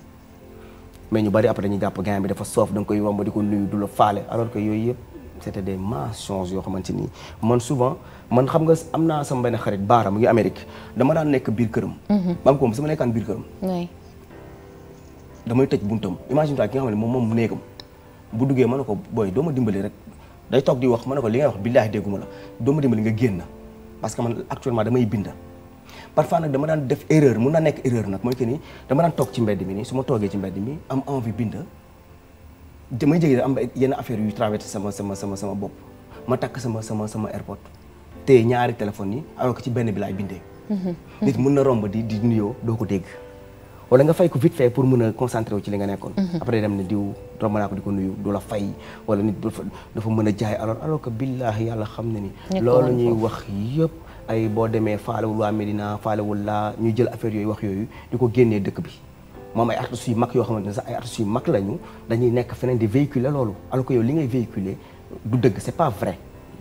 mais ñu bari après dañuy jàpp gain dafa soof da nga koy yomb di ko nuyu du la faale alors que yooyu yëpp c'était des mensonges yoo xamante ni man souvent man xam nga am naa sama benn xarit Baara mu ngi Amérique mhm. damay tëj buntam imagine toi ki nga xam ne moom moom néegam bu duggee ma ne ko booy doo ma dimbali rek day toog di wax ma ne ko li ngay wax billaahi dégguma la doo ma dimbali nga génn parce que man actuellement damay bind. parfois nag dama daan def erreur mun na nekk erreur nag mooy que ni dama daan toog ci mbedd mi nii su ma toogee ci mbedd mi am envie bind am yenn affaire yu traversé sama sama sama sama bopp ma takk sama sama sama airpod te ñaari yi alors ci benn bi laay bindee mhm. nit mun di nuyoo doo ko dégg nga fay ko vite fait pour mën a concentré wu ci li nga nekkoon. Mhm. après dem ne diw romb naa ko di ko nuyu du la fay wala nit dafa mën a jaay alors alors que billaahi yàlla xam na ni. loolu ñuy wax yëpp. ay boo demee faalewul waa Médina wul laa ñu jël affaire yooyu wax yooyu di ko génnee dëkk bi moom ay artistes yu mag yoo xamante ne sax ay artistes yu mag lañu dañuy nekk feneen di véhiculer loolu alors que li ngay véhiculer du dëgg c'est pas vrai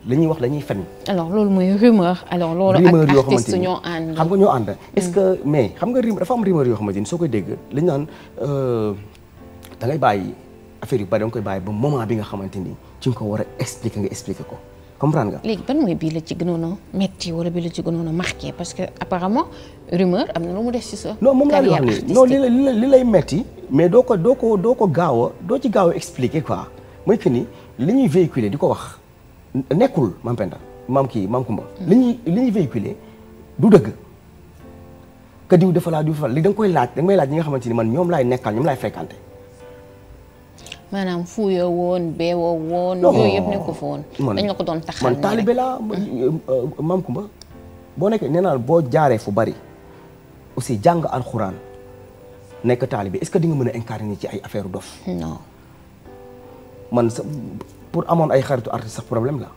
li ñuy wax dañuy fen. alors loolu mooy rumeur. alors loolu ak artistes ñoo ànd xam ñoo ànd. Mm. est-ce que mais xam nga rumeur dafa am rumeur yoo xamante ni soo koy dégg li ñu naan euh, da ngay bàyyi affaire yu bari da nga koy bàyyi ba moment bi nga xamante ni ci nga ko war a expliquer nga expliquer ko. comprendre nga. léegi ban mooy la ci gënoon a metti wala bii la ci gënoon a marqué parce que apparemment rumeur am na lu mu des si sa. non moom li lay li metti mais doo ko doo ko doo ko gaaw doo ci gaaw a expliquer quoi mooy que ni li ñuy véhiculer di ko wax nekkul maam Penda maam kii maam Kumba. Mm. li ñuy li ñuy véhiculer du dëgg. ka diw dafa laa diw dafa laa li da koy laaj da may laaj ñi nga xamante man ñoom laay nekkal ñoom lay fekkante. maanaam fuuyoo woon beewoo woon. yooyu yëpp nekk ko fa woon. dañ la ko doon taxal man taalibe laa maam mm. euh, euh, Kumba boo nekkee nee boo jaaree fu bari aussi jàng alxuraan nekk taalibe est-ce nga mën a incarner ci ay affaire dof. non man sa pour amoon ay xaritu artiste sax problème la.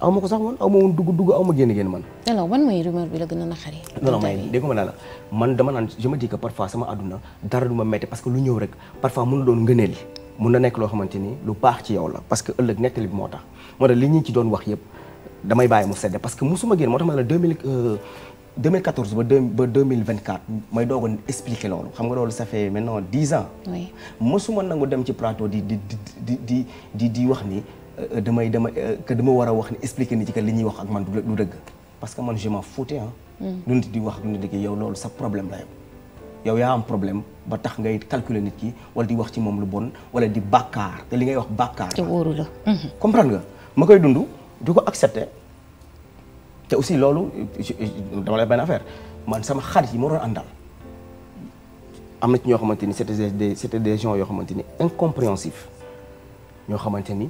aw ma ko sax woon aw ma woon dugg ma génn génn man. alors ban mooy rumeur bi la gën a naqari. non la man dama naan je me dis que parfois sama àdduna dara du ma metti parce que lu ñëw rek parfois mënu doon ngëneel. mun na nekk loo xamante ni lu baax ci yow la parce que ëllëg nettali bi moo tax moo tax li ñu ci doon wax yëpp damay bàyyi mu sedd parce que musuma génn moo tax ma ne la 2014 euh, ba deux ba 2024 may doog a expliquer loolu xam nga loolu ça fait maintenant dix ans. oui mosuma nangu dem ci plateau di di di di di di wax ni euh, damay dama euh, dama war a wax ni expliquer ni ci que li ñuy wax ak man du dëgg parce que man je m'en foutais ah. lu nit di wax ak lu nit di yow loolu sa problème la yow. yow yaa am problème ba tax ngay calculer nit ki wala di wax ci moom lu bon wala di bàkkaar te li ngay wax bàkkaar te wóoru la mhm. comprendre nga ma koy dund di ko accepter te aussi loolu dama lay benn affaire man sama xarit yi ma doon àndal am na ci ñoo xamante ni c'était des c'était des gens yoo xamante ni incompréhensifs ñoo xamante ni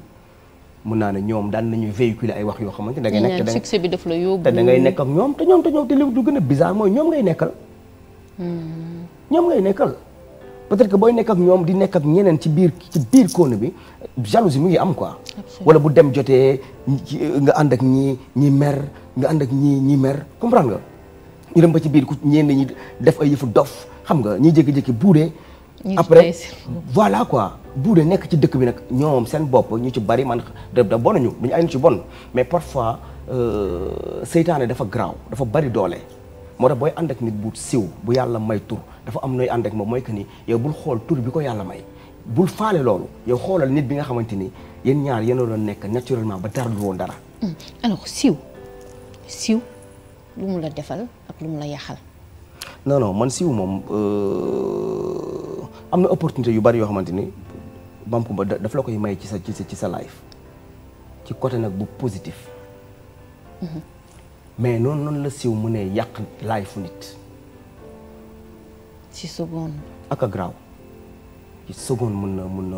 mun naa ne ñoom daan nañu véhiculer ay wax yoo xamante da ngay nekk te da ngay nekk ak ñoom te ñoom te ñoom te li du gën a bizarre mooy ñoom ngay nekkal ñoom ngay nekkal peut-être que booy nekk ak ñoom di nekk ak ñeneen ci biir ci biir kóonu bi jalousie mu ngi am quoi. wala bu dem jotee nga ànd ak ñi ñi mer nga ànd ak ñi ñi mer comprendre nga. ñu dem ci biir ku ñeen ñi def ay yëfu dof xam nga ñi jékki-jékki buudee. après voilà quoi buudee nekk ci dëkk bi nag ñoom seen bopp ñu ci bari man da da bonuñu duñu ay ñu ci bon mais parfois euh, seytaane dafa garaaw dafa bari doole. moo tax booy ànd ak nit bu siw bu yàlla may tur dafa am nooy ànd ak moom mooy que ni yow bul xool tur bi ko yàlla may bul faale loolu yow xoolal nit bi nga xamante ni yéen ñaar yéen a doon nekk naturellement ba dara du woon dara. Hmm. alors siw siw lu mu la defal ak lu mu la yàqal. non non man siw moom euh, am na opportunité yu bari yoo xamante ni Mame Coumba daf la koy may ci sa ci ci sa life ci côté nag bu positif. Hmm. mais noonu noonu la siw mu na yàq laay fu nit. si seconde. ak a garaaw ci mun na mun na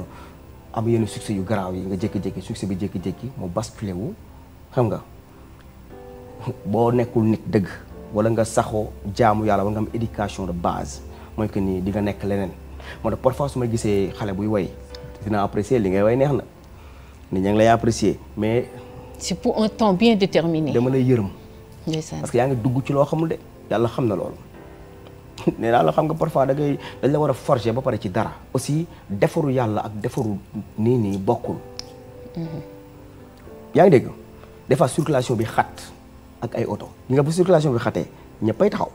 am yenn succès yu garaaw yi nga jékki-jékki succès bi jékki-jékki mu basculé wu xam nga boo nekkul nit dëgg wala nga saxoo jaamu yàlla wala nga am éducation de base mooy que ni di nga nekk leneen moo tax parfois su ma gisee xale buy way dina apprécier li ngay way neex na nit ña ngi lay apprécier mais. c'est pour un temps bien déterminé. dama lay yërëm. parce que yaa ngi dugg ci loo xamul xam na loolu nee naa la xam nga parfois da ngay dañ la war a forger ba pare ci dara aussi defaru yàlla ak defaru nii nii bokkul mm-hmm. yaa ngi dégg des fois circulation bi xat ak ay oto ñi nga bu circulation bi xate xatee ñëppay taxaw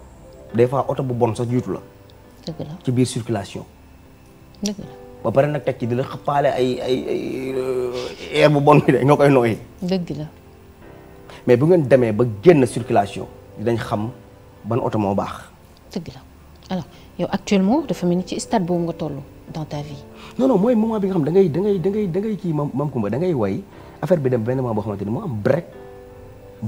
des fois oto bu bon sax jiitu la ci biir circulation ba pare nag teg ci di la xëppaale ay ay ay euh, air bu bon bi de nga koy nooy mais bu ngeen demee ba génn circulation dinañ xam ban oto moo baax. dëgg la alors yow actuellement dafa mel ci stade boobu nga toll dans ta vie. non non mooy moment bi nga xam da ngay da ngay da ngay da ngay kii mam mam Kumba da way affaire bi dem benn moment boo xamante ni moo am break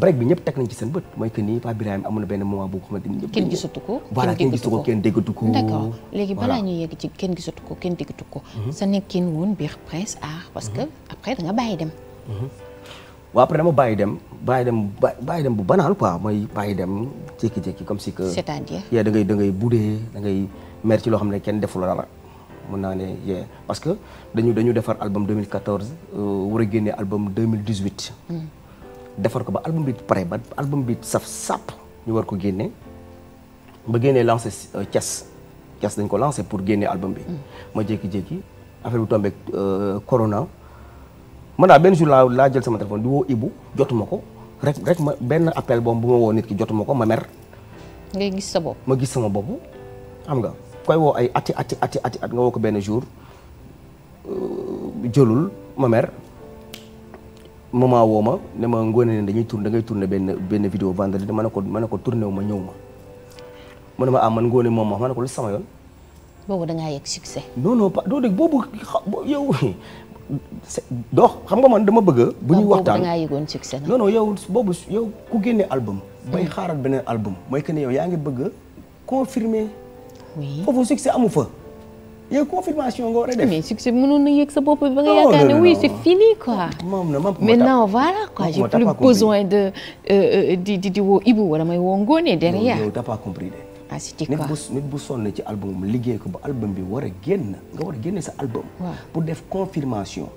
break bi ñëpp teg nañ ci seen bët mooy que ni Pape Birahim amoon na benn moment boo xamante ni. kenn gisatu ko voilà kenn gisatu ko kenn déggatu ko. d'accord léegi balaa ñuy yegg ci kenn gisatu ko kenn déggatu ko. sa nekkin woon biir presse aar parce mhm. que après da nga dem. Mhm. waaw après dama bàyyi dem bàyyi dem bàyyi dem bu banaal quoi mooy bàyyi dem jékki-jékki comme si que. c'est-à-dire ngay da ngay buddee da ngay mer ci loo xam ne kenn deful dara mun naa ne yee parce que dañu dañu defar album 2014 euh, war a génne album 2018. Hmm. defar ko ba album bi pare ba album bi saf sàpp ñu war ko génne ba génnee lancé euh, Thiès Thiès dañ ko lancé pour génne album bi. Hmm. ma jékki-jékki affaire bi tombé euh, corona. man daal benn jour laa jël sama téléphone di woo Ibou jotuma ko rek rek ma benn appel boobu bu ma woo nit ki jotuma ko ma mer. ngay gis sa bopp ma gis sama bopp. xam nga koy woo ay ati ati ati ati at nga woo ko benn jour euh, jëlul ma mer ma woo ma ne ma ngóone ne dañuy tourné dangay tourné benn benn vidéo vendredi ma ne ko ma ne ko tourné wu ma ñëw ma. mu ne ma ah man ngóone moom wax ma ne ko lu sama yoon. boobu da ngaa yegg succès. non non pas doo dégg boobu xa dox xam nga man dama bëgg bu ñuy waxtaan non non yow boobu yow ku génne album bay xaaral beneen album mooy que ne yow yaa ngi bëgg confirmer foofu succès amu fa yow confirmation nga war a def mais succès yëg sa bopp bi ba nga yaakaar ne oui c'est fini quoi moom na maintenant voilà besoin de euh, euh, di di di woo Ibou wala may woo Ngoné derrière Ah, nit bu nit bu sonn ci album liggéey ko ba album bi war a génn nga war a génne sa album. pour def confirmation.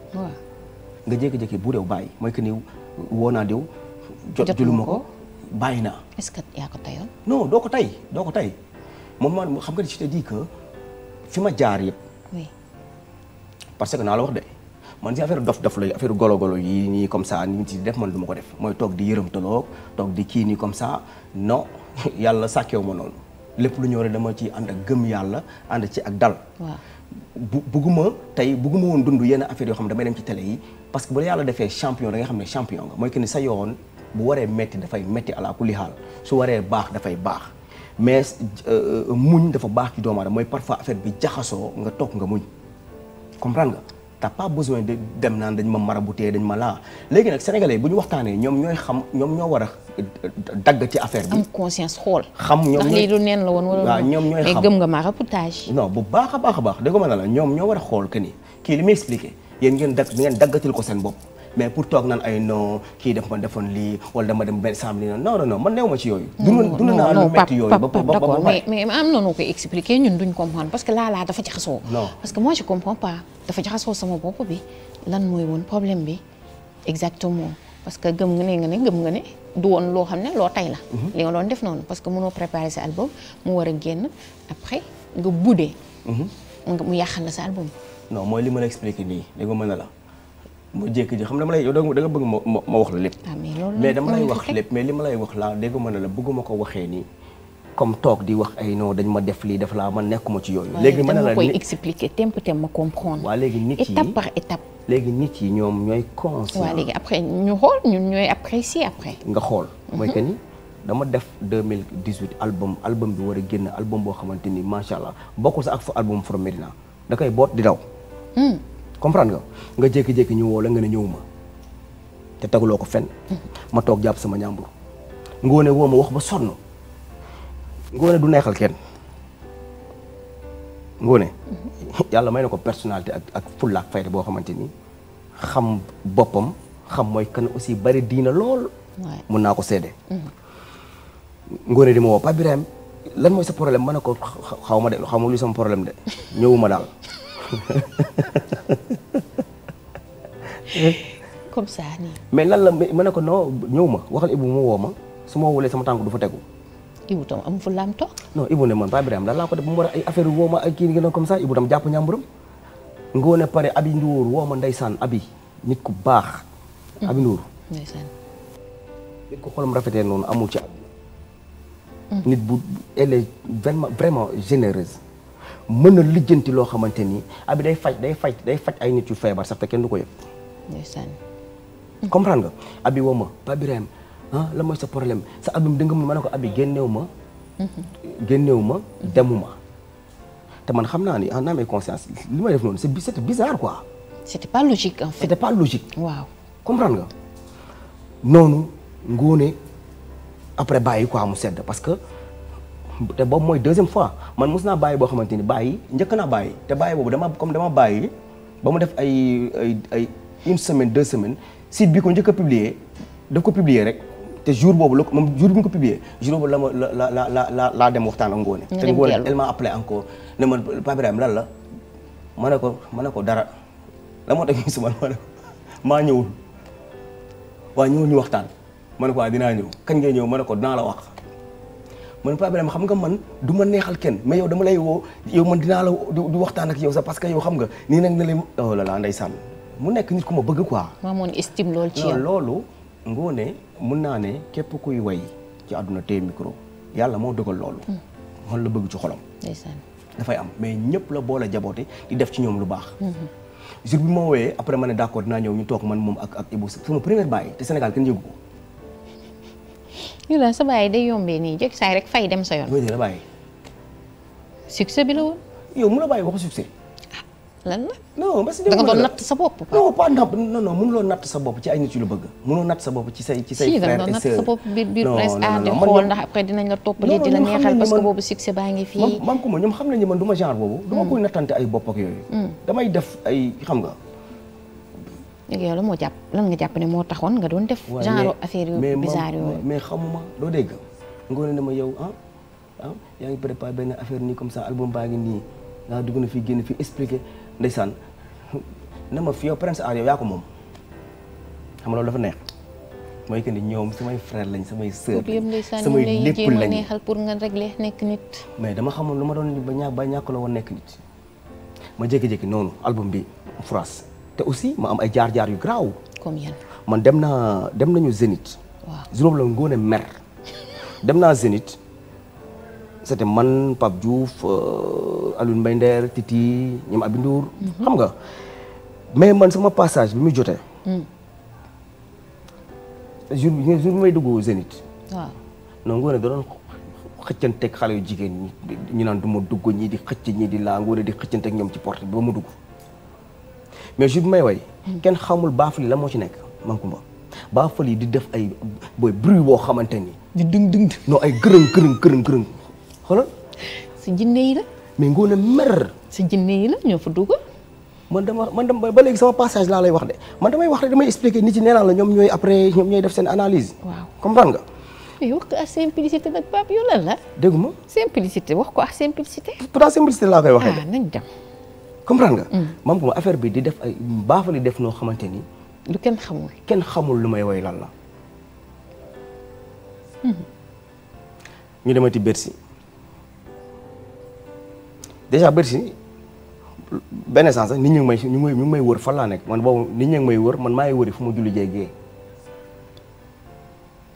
nga jékki-jékki bu réew bàyyi mooy que ni woo naa diw. jot juluma ko bàyyi na est-ce que yaa doo ko tay doo ko tay moom man xam nga je te dis fi ma jaar yëpp. oui que naa de man si affaire dof-dof la affaire golo-golo yi nii comme ça ni ci def man lu ma ko def mooy toog di yërëm yërëmtaloog toog di kii nii comme ça non yàlla sàkkewu ma noonu. lépp lu ñëw rek dama ci ànd ak gëm yàlla ànd ci ak dal bu bugguma tey bugguma woon dund yenn affaire yoo xam ne damay dem ci télé yi parce que bu la yàlla defee champion da nga xam ne champion nga mooy que ni sa yoon bu waree metti dafay metti ala xaal su waree baax dafay baax mais euh, euh, muñ dafa baax ci doomu aadama mooy parfois affaire bi jaxasoo nga toog nga muñ comprendre nga t'as pas besoin de dem naan dañ ma marabouté dañ ma laa léegi nag sénégalais bu ñu waxtaanee ñoom ñooy xam ñoom ñoo war a euh, dagg ci affaire bi. am conscience xool. xam ñoom neen la woon wala ñoom ñooy xam mais gëm nga maraboutage. non bu baax a baax a baax dégg nga ma ne la ñoom ñoo war xool que ni kii li muy expliqué yéen ngeen dagg ngeen daggatil ko seen bopp mais pour toog naan ay non kii daf ma defoon lii wala dama dem benn sàmm non non non man néew ma ci yooyu. dund dund naa lu métti yooyu. ba ba d'accord mais mais am na noo koy expliquer ñun duñ comprendre parce que là là dafa jaxasoo. non parce que moi je comprends pas dafa jaxasoo sama bopp bi lan mooy woon problème bi exactement. parce que gëm nga ne nga ne gëm nga ne du woon loo xam ne loo tay la. Mhm. li nga doon def noonu parce que mënoo préparer sa album mu war a génn après nga buddee. Mhm. mu yàqal la sa album. non mooy li ma la expliqué nii dégg nga mën na la. mu jékki ji xam dama lay yow da bëgg ma ma wax la lépp. Ah, mais dama lay wax lépp mais li ma lay wax laa dégg ma ne la bëgguma ko waxee nii. comme toog di wax ay non dañ ma def lii def laa ma nekkuma ci yooyu. léegi mën na la koy expliquer temp ma comprendre. waaw léegi nit yi étape léegi nit yi ñoom ñooy conscient. waaw léegi après ñu xool ñun ñooy apprécier après. nga xool. mooy mhm. que ni dama def 2018 album album bi war a génn album boo xamante ni macha allah bokkul sax ak fa album From Medina da koy boot di daw. Hmm. comprendre nga jékki-jékki ñu woo la nga ne ñëw ma te taguloo ko fen mm-hmm. ma toog jàpp sama ñàmbur ngoone woo ma wax ba sonn ngoone du neexal kenn ngoone mm-hmm. yàlla may na ko personalité ak ak fulla ak boo xamante ni xam boppam xam mooy kan aussi bari diina lool mun naa ko seede mm-hmm. ngoone di ma woo Pa Birahim lan mooy sa problème ma ne ko xaw ma de xaw ma luy sama problème de ñëwuma daal comme ça nii. mais lan la ma ne ko non ñëw ma waxal Ibou mu woo ma su ma woolee sama tànk du fa tegu. Ibou tam amu fa laam toog. non Ibou ne man Paa Birame lan ko def bu mu war a ay affaire woo ma ay kii nii comme ça Ibou tam jàpp ñàmburam. ngoone pare Abi woo ma ndeysaan Abi nit ku baax. Mm. Abi Ndour. ndeysaan. nit ku xolam rafetee noonu amul ci. Mm. nit bu elle est vraiment vraiment généreuse. mën a lijjanti loo xamante ni abi ah day faj day faj day faj ay nit yu feebar sax te kenn du ko yëg. comprendre nga abi woo ma Pa Birahim ah la mooy sa problème sa album danga mën ma ne ko abi génneew ma. Mhm. génneew ma mhm. demuma. te man xam naa ni en âme et conscience li may def noonu c'est c'était bizarre quoi. c'était pas logique en fait. c'était pas logique. waaw comprendre nga. noonu ngóone après bàyyi quoi mu sedd parce que. te boobu mooy deuxième fois man mos naa bàyyi boo xamante ni bàyyi njëkk naa bàyyi te bàyyi boobu dama comme dama bàyyi ba mu def ay ay ay une semaine deux semaines si bi ko njëkk a publier daf ko publier rek te jour boobu la moom jour ko publier jour boobu la ma la la la la laa dem waxtaan ak Ngone. te Ngone elle m'a appelé encore ne man Pape Ibrahima lan la ma ne ko ma ne ko dara la moo tax su ma maa ñëwul waa ñëwul ñu waxtaan ma ne ko waaye dinaa ñëw kañ ngay ñëw ma ne ko dinaa la wax. man Pape Ibrahima xam nga man du ma neexal kenn mais yow dama lay woo yow man dinaa la di waxtaan ak yow sax parce que yow xam nga nii nag na lay la là là ndeysaan mu nekk nit ko ma bëgg quoi. ma amoon estime lool ci yow loolu. ngoone mun naa ne képp kuy woy ci àdduna te micro yàlla moo dogal loolu. xool mm. la bëgg ci xolam. ndeysaan dafay am mais ñëpp la boole jaboote di def ci ñoom lu baax. Mm-hmm. jour bi ma wooyee après ma ne d' accord dinaa ñëw ñu toog man moom ak ak Ibou première bàyyi te Sénégal kenn ñu la sa bàyyi day yombee nii jekk saay rek fay dem sa yoon. loolu la bàyyi. succès bi la woon. mu la bàyyi waxu succès. la. natt sa bopp. non pas natt natt sa ci ay nit yu la bëgg. mënuloo natt sa ci say ci say. frères et sa bopp biir biir presse aar di xool la toppalee ma ñoom ay bopp ak yooyu. damay def ay xam nga. léegi yow moo jàpp lan nga jàpp ne moo taxoon nga doon def. genre affaire yu bizarre yooyu mais xamuma doo dégg. ngoone na ma yow ah ah yaa ngi préparé benn affaire nii comme ça album baa ngi nii nga dugg na fi génn fi expliqué ndeysaan ne ma fi yow Prince Art yow yaa ko moom xam nga loolu dafa neex. mooy que ni ñoom samay frère lañ samay sœur samay lépp lañ neexal pour nga régler nekk nit. mais dama xamoon lu ma doon ba ñàkk ba ñàkk la woon nekk nit ma jékki-jékki noonu album bi France. te aussi ma am ay jaar-jaar yu garaaw. comme man dem na dem nañu Zénith. waaw juróom la ngoone mer. dem naa Zénith c'était man Pape Diouf euh, Alioune Mbaye Nder Titi ñoom Aby Ndour. Mhm. nga mais man sama passage bi muy jotee. Hmm. jour bi jour dugg Zénith. waaw non ngoone da doon xëccanteeg xale yu jigéen ñi ñu naan du ma dugg ñii di xëcc di laa ngoone di xëccanteeg ñoom ci porte bi ba mu dugg. mais jur bi may way kenn xamul baaful yi la moo ci nekk Macoumba baaful yi di def ay booy bruit boo xamante ni. di dëng dëng noo ay gërëng gërëng gërëng gërëng xoolal. si jinne yi la. mais ngoon a si jinne yi la ñoo fa dugg. man dama man dama ba léegi sama passage laa lay wax de man damay wax rek damay expliquer nit yi nee la ñoom ñooy après ñoom ñooy def seen analyse. waaw comprendre nga. mais wax ko ak simplicité nag Pape yow lan la. déggu simplicité wax ko ak laa koy waxee. ah nañ dem. comprendre nga. maam mm. ko affaire bi di def ay baafali def noo xamante ni. lu kenn xamul. lu may woy lan la. Mm-hmm. ñu demati Bercy déjà Bercy benn sens nit ñi may ñu may ñu may wër fan laa nekk man boobu nit ñi may wër man maa wëri fu ma julli jege.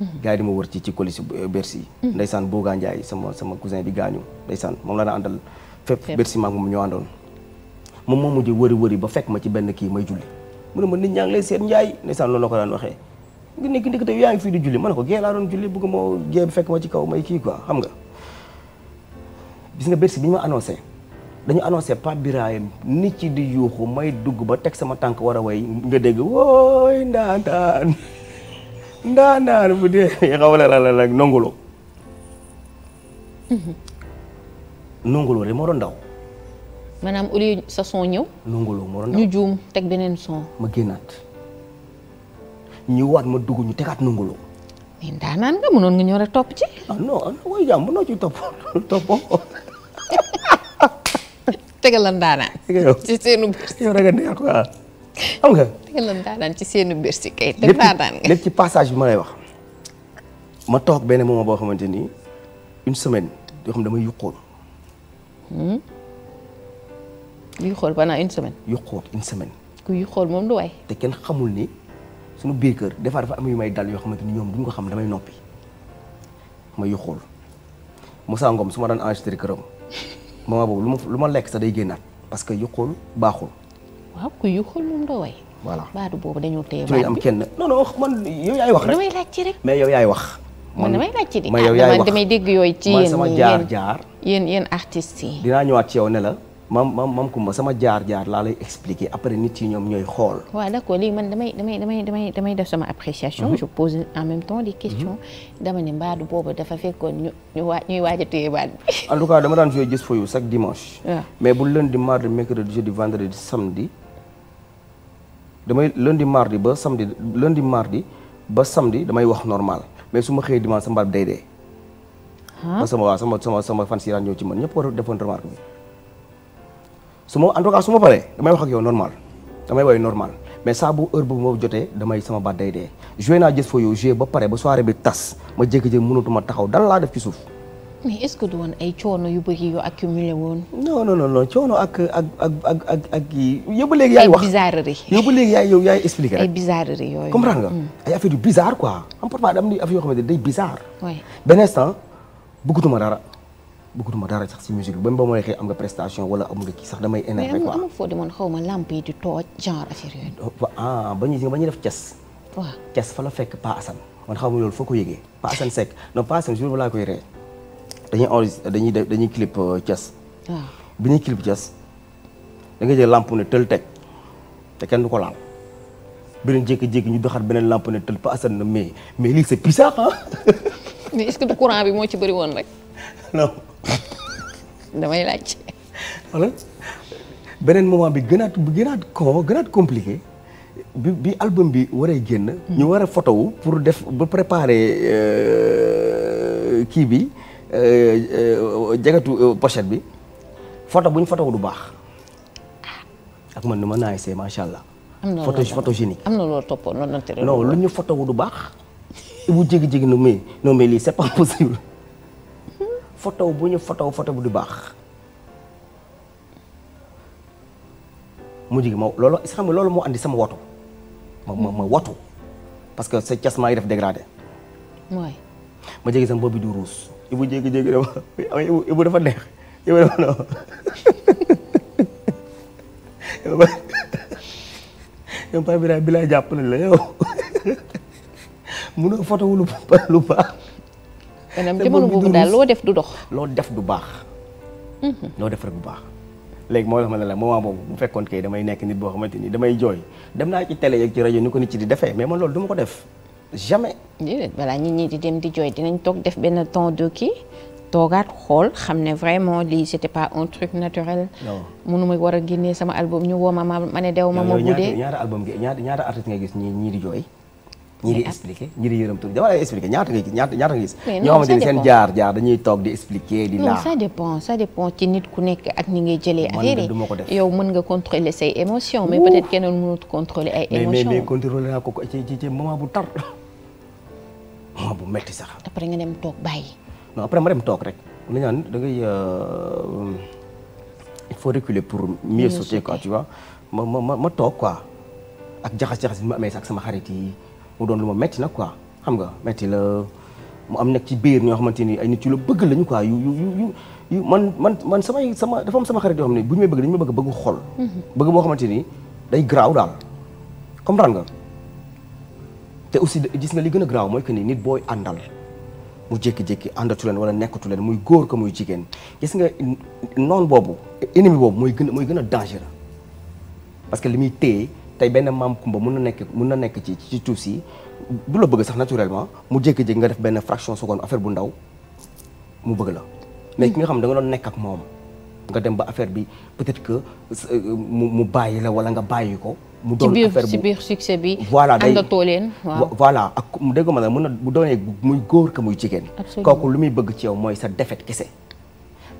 Mm-hmm. gars yi di ma wër ci ci colis euh, Bercy. Mm-hmm. ndeysaan Bouga Ndiaye sama sama cousin bi gaañu ndeysaan moom laa na àndal fépp Bercy maa ngi moom ñoo àndoon. moom moo mujj wëri wëri ba fekk ma ci benn kii may julli mu ne ma nit ñaa ngi lay seet njaay ndeysaan loolu la ko daan waxee nga nekk ndekk tey yaa ngi fii di julli ma ko gee laa doon julli bëgg moo gee fekk ma ci kaw may kii quoi xam nga gis nga Bercy bi ñu ma annoncé dañu annoncé Pape Birahim nit ci di yuuxu may dugg ba teg sama tànk war a way nga dégg wooy ndaantaan ndaantaan bu dee xaw la la nonguloo nonguloo mhm. de moo doon daw maanaam au lieu sa son ñëw. nangaloo moo doon ñu juum teg beneen son. ma génnaat ñëwaat ma dugg ñu tegaat nangaloo. mais ndaanaan nga mënoon nga ñëw rek topp ci. ah non ah mooy jàmm ci topp toppoo ko. tegal la ndaanaan. ci seenu biir yow da nga neex quoi ci seenu si kay. te ndaanaan nga lépp ci passage bi ma lay wax. ma toog benn moment boo xamante ni une semaine yoo xam damay yuqoon. Hmm? yuy xool pendant une semaine. yu xool une ku yuy xool moom du waay. te kenn xamul ni suñu biir kër des fois am yu may dal yoo xamante ni ñoom duñ ko xam damay noppi ma yu xool Moussa Ngom su ma daan enregistré këram moment boobu lu ma lu ma lekk sax day génnaat parce que yu xool baaxul. waaw ku yu xool moom du waay. voilà baatu boobu dañoo téye baat bi am kenn non non man yaay wax rek. damay laaj mais yow yaay wax. man damay laaj ci di. ma yow ah, yaay wax damay dégg yooyu. ci yéen sama jaar jaar yéen yéen artistes yi. dinaa ñëwaat ci yow ne la. maam maam maam ma sama jaar-jaar laa lay expliquer après nit yi ñoom ñooy xool. waaw ko léegi man damay damay damay damay damay def sama appréciation. Mhm. je pose en même temps des questions. Mhm. dama ne mbaadu boobu dafa fekkoon ñu ñu waa ñuy waaj a téye baat bi. en tout cas dama daan jouer Just for You chaque mais bu lundi mardi mercredi jeudi vendredi samedi. damay lundi mardi ba samedi lundi mardi ba samedi damay wax normal mais su ma xëyee dimanche sa mbaat day dee. Ah. parce que waaw sama sama sama fan si daan ñëw ci man ñëpp war a defoon remarque su ma en tout su ma paree damay wax ak yow normal damay woy normal mais saa bu heure bu ma jotee damay sama ba day dee naa jës fa yow joué ba pare ba soirée bi tas ma jékki-jékki mënatuma taxaw dal laa def ci suuf. mais est-ce que du woon ay coono yu bëri yu accumulé woon. non non non coono ak ak ak ak ak ak yi ba léegi. yaay wax ay yow yaay yow yaay expliqué rek. ay bizarreries yooyu. comprendre nga mm. ay affaire yu bizarre quoi am parfois am na affaire yoo xamante ne day bizarre. oui benn instant bëggatuma dara. bëggatuma dara sax si musique bi ba ba ma waxee am nga prestation wala am sax damay énervé quoi mais amul foo di tooj genre oh, ah, ba ñu def Thiès waaw Thiès fa la fekk Pa Assane man xaw ma loolu foo ko yëgee Pa Assane Seck non Pa Assane jour dañuy def dañuy clip euh, Thiès waaw bi ñuy clip Thiès da nga jël lamp ne tël teg te kenn du ko laal beneen jékki-jékki ñu doxaat beneen lamp ne tël Pa Assane na mais mais lii c'est bizarre ah mais du courant bi moo ci bëri woon rek non damay laaj. beneen moment bi gënaat bu compliqué bi bi album bi waree génn. ñu war a photo wu pour def ba préparer euh, kii bi euh, jagatu euh, pochette bi photo bu ñu photo du baax ak man nu ma naay see macha allah. am na photo photogénique. am na loolu toppoon non lu ñu photo du baax. bu jékki-jékki nu muy non mais lii c'est pas possible. photo bu ñu photo photo bu du baax mujj gi ma loolu si xam moo andi sama woto ma ma ma woto parce que sa cas maa ngi def dégradé. waay ma jéggi sama bopp bi du ruus. Ibu jékki-jékki dama Ibu dafa neex Ibu dafa neex yow Pape Birahim bi laa jàpp ne la yow munoo photo wu lu baax. maanaam jamono boobu daal loo def du dox. loo def du baax. Mhm. loo def rek bu baax. léegi moo tax ma ne la moment boobu bu fekkoon kay damay nekk nit boo xamante ni damay jooy dem naa ci télé yeeg rajo ni ko ci di defee mais man loolu duma ko def jamais. déedéet balaa nit ñi di dem di jooy dinañ toog def benn temps de kii toogaat xool xam ne vraiment lii c'était pas un truc naturel. non mënu ma war a génnee sama album ñu woo ma ma ne dew ma. ma guddee ñaata album ñaata ñaata artiste nga gis ñii ñii di jooy. ñi di expliqué ñi di yërëm tur dama lay expliqué ñaata ngay gis ñaata ñaata ngay gis jaar jaar dañuy toog di expliqué di laa ça dépend ça dépend ci nit ku nekk ak ni ngay jëlee affaire yi duma ko def yow mën nga contrôler say émotion mais peut ko ci ci moment bu tar sax après nga dem toog bàyyi non après ma dem toog rek na ñaan da ngay euh, il faut reculer pour mieux sauter quoi tu vois ma ma toog quoi ak jaxas-jaxas bi ma amee sax sama xarit yi mu doon lu ma metti nag quoi xam nga metti la mu am nekk ci biir ñoo xamante ni ay nit yu la bëgg lañu quoi yu yu yu man man man samay sama dafa am sama xarit yoo xam ne bu ñu bëgg dañu ma bëgg bëggu xol. Mm-hmm. bëgg boo xamante ni day garaaw daal comprendre nga. te aussi gis nga li gën a garaaw mooy que ni nit booy àndal mu jékki-jékki àndatu leen wala nekkatu leen muy góor ka muy jigéen gis nga noon boobu ennemi boobu mooy gën a mooy gën a dangereux parce que li muy téye. tey benn maam kumba mun na nekk mun na nekk ci ci suuf si du la bëgg sax naturellement mu jékki-jékki nga def benn fraction seconde affaire bu ndaw mu bëgg la mais ki nga xam da nga doon nekk ak moom nga dem ba affaire bi peut-être que euh, mu mu bàyyi la wala nga bàyyi ko. mu doon affaire bu ci bi. voilà day àndatoo leen waaw voilà ak dégg nga ma ne mën na bu doonee muy góor ka muy jigéen. kooku lu muy bëgg ci yow mooy sa defet kese.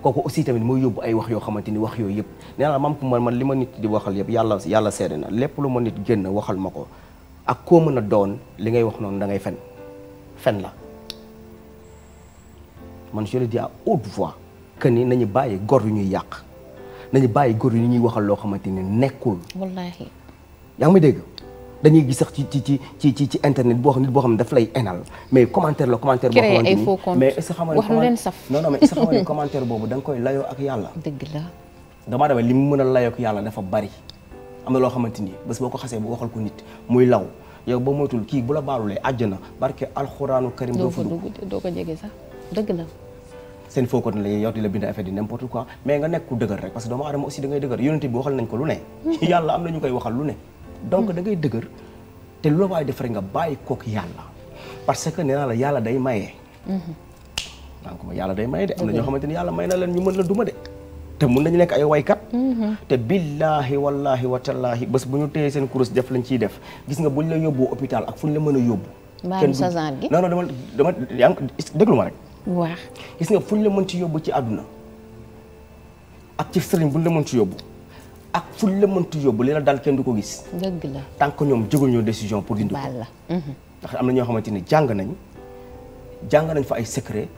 kooku aussi tamit mooy yóbbu ay wax yoo xamante ni wax yooyu yëpp nee naa maam ku man man li ma nit di waxal yëpp yàlla yàlla na lépp lu ma nit génn waxal ma ko ak koo mën a doon li ngay wax noonu dangay fen fen la man je le dis à haute voix que ni nañu bàyyi gor yu ñuy yàq nañu bàyyi gor yu ñuy waxal loo xamante ni nekkul. wallaahi dañuy gis sax ci ci ci ci ci internet boo xam nit boo xam ne daf lay enal mais commentaire la commentaire boo xamante ni mais est boobu da koy layoo ak yàlla dëgg la damaa demee li mu mën a layoo ak yàlla dafa bari am na loo xamante ni bés boo ko xasee bu waxal ko nit muy law yow ba moytul kii bu la baalulee àjjana barke alxuraanu karim doo fa doo ko jege sax dëgg la seen foo ko la yow di la bind affaire di n'importe quoi mais nga nekk ku rek parce que doomu aadama aussi ngay hmm. am na ñu koy waxal lu ne donc da ngay dëgër te lu la waay def rek nga bàyyi kook yàlla parce que nee naa la yàlla day maye. donc yàlla day maye de am na ñoo xamante ni yàlla may na leen ñu mën la duma de. te mun nañu nekk ay waykat. te billaahi wallaahi watallaahi bés bu ñu téye seen kurus def lañ ciy def gis nga buñ la yóbbu hôpital ak fu ñu la mën a yóbbu. kenn du gi non non dama dama yaa ngi déglu ma rek. gis nga fu ñu la mën ci yóbbu ci àdduna. ak ci sëriñ buñ la mën ci yóbbu. ak fu la mënti yóbbu li la dal kenn du ko gis. dëgg la tant que ñoom jëguñu décision pour dindi ko. ndax am na ñoo xamante ni jàng nañ jàng nañ fa ay secret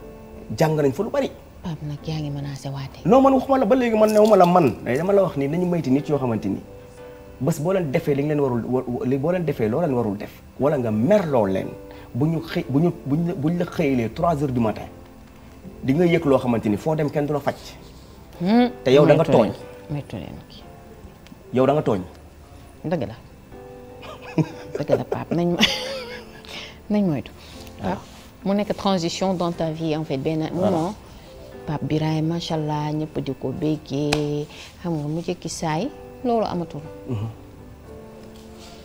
jàng nañ fa lu bari. Pape nag yaa ngi menacé waate. non man waxuma la ba léegi man newuma la man dama la wax ni nañu mayti nit yoo xamante ni bés boo leen defee li nga leen warul li boo leen defee loo leen warul def. wala nga merloo leen bu ñu xëy bu ñu bu ñu la xëyalee trois heures du matin di ngay yëg loo xamante ni foo dem kenn du la faj. Hmm. te yow da nga tooñ. yow da nga tooñ. dëgg la dëgg la Pape nañ ma nañ moytu. Pape mu nekk transition dans ta vie en fait benn moment. Pape Birahim macha allah ñëpp di ko béggee xam nga mu jëkki saay loolu amatul. Mhm.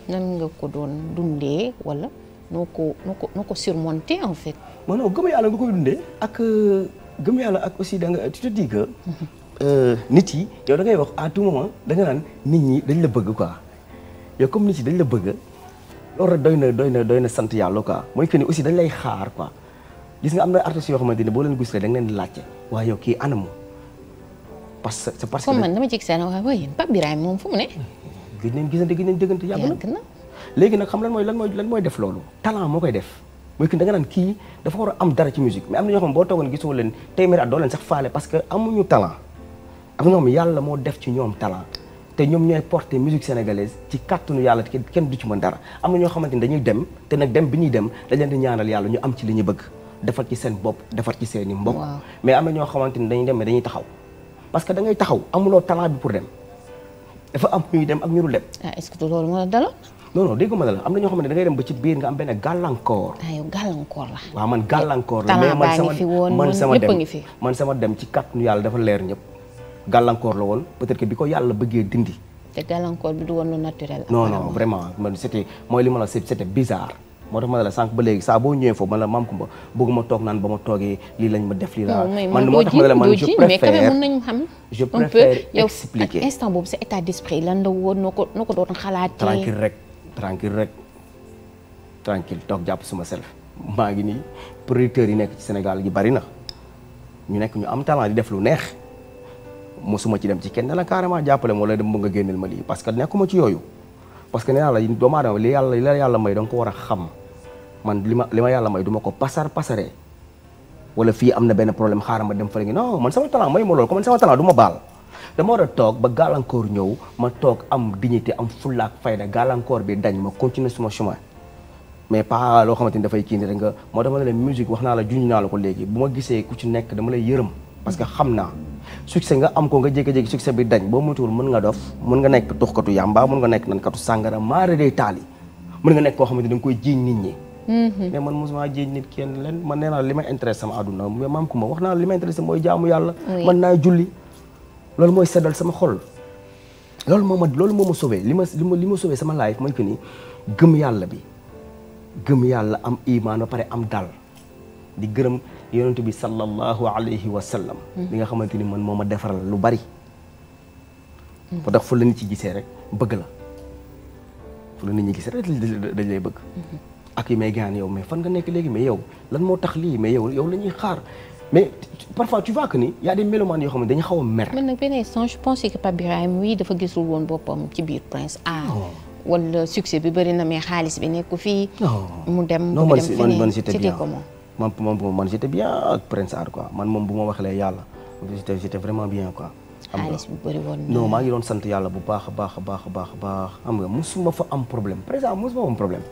nan ko doon dundee wala noo ko noo ko noo ko surmonter en fait. maanaam gëm yàlla nga koy dundee. ak gëm yàlla ak aussi da tu te dis Euh, nit yi yow da ngay wax à tout moment da nga naan nit ñi dañ la bëgg quoi yow comme nit yi dañ la bëgg loolu rek doy na doy sant yàlla ko mooy que ni aussi dañ lay xaar quoi gis nga am na artistes yoo xamante ne boo leen gis rek da nga leen di laajte waaye yow kii anamu parce que c'est parce que. comme man dama jig seen waaye waaye Pape Birahim moom fu mu nag xam lan mooy lan mooy lan mooy def loolu talent moo koy def. mooy que da nga naan kii dafa war a am dara ci musique mais am na ñoo xam ne boo toogoon gisoo leen téeméeri at doo leen sax faale parce que amuñu talent. ak ñoom yàlla moo def ci ñoom talent te ñoom ñooy porter musique sénégalaise ci kàttanu yàlla te kenn du ci mën dara am na ni dañuy dem te nag dem bi ñuy dem dañ leen di ñaanal yàlla ñu am ci li ñu bëgg defar ci seen bopp defar ci seen i mais am na ñoo xamante ni dañuy dem mais dañuy taxaw parce que da ngay taxaw amuloo talent pour dem dafa am ñuy dem ak ñu dul dem. ah est-ce que loolu moo ñoo xamante ne da dem ba ci biir nga am benn gàllankoor. ah yow gàllankoor la. waaw man gàllankoor la mais man sama man sama dem man sama dem ci kàttanu yàlla dafa leer ñëpp. gàllankoor la woon peut-être que bi ko yàlla bëggee dindi. te gàllankoor bi du woon lu naturel. non non vraiment man c'était mooy li ma la c'était bizarre. moo tax ma ne la sànq ba léegi saa boo ñëwee foofu ma ne la maam Kumba bëgguma toog naan ba ma toogee lii lañ ma def lii la man moo tax ma ne la man je préfère je préfère expliquer instant boobu sa état d'esprit lan la woon noo ko noo ko doon xalaatee tranquille rek tranquille rek tranquille toog jàpp suma self maa ngi nii producteurs yi nekk ci Sénégal yi bari na ñu nekk ñu am talent di def lu neex mosuma ci dem ci kenn ne la carrément jàppale ma wala dem nga génneel ma lii parce que nekkuma ci yooyu parce que nee naa la doomu aadama li yàlla li la yàlla may da ko a xam man li ma li ma yàlla may du ma ko pasar pasaree wala fii am na benn problème xaaral ma dem fële ngi non man sama talent may ma loolu ko man sama talent du ma baal dama war a toog ba gàllankoor ñëw ma toog am dignité am fullaak fayda gàllankoor bi dañ ma continuer suma chemin mais pas loo xamante ni dafay kii ni nga moo tax ma ne la musique wax naa la juñ naa la ko léegi bu ma gisee ku ci nekk dama lay yërëm parce que xam naa succès nga am ko nga jékki-jékki succès bi dañ boo moytuwul mën nga dof mën nga nekk tuxkatu yàmba mën nga nekk nankatu sàngara maara day taal yi mën nga nekk koo xamante da nga koy nit ñi mhm. mais man mosuma jiiñ nit kenn leen man nee li ma intéresse sama àdduna mais maam ku ma wax naa li ma intéresse mooy jaamu yàlla man naa julli loolu mooy seddal sama xol loolu moo ma loolu moo ma sauvé li ma li ma sauvé sama life mooy que ni gëm yàlla bi gëm yàlla am iman ba pare am dal di gërëm yonent bi sallallahu alayhi wa sallam hmm. li nga xamante ni man moo ma defaral lu bari ba tax fu la nit ci gisee rek bëgg la fu la nit ñi gisee rek dañ lay bëgg hmm. ak yi may gaan yow mais fan nga nekk léegi may yow lan moo tax lii mais yow yow la ñuy xaar mais parfois tu vois que ni y a des yoo xam ne dañu xaw a mer. man nag benn instant je pensais que Pape Birahim dafa gisul woon boppam ci biir Prince Art. wala succès bi bari na mais xaalis bi nekku fii. mu dem mu dem feneen c'était comment man moom man j'étais bien ak Prince Art quoi man moom bu ma waxee yàlla j'étais vraiment bien quoi. xam nga non maa ngi doon sant yàlla bu baax a baax a baax a baax xam nga musuma fa am problème présent musuma fa am problème.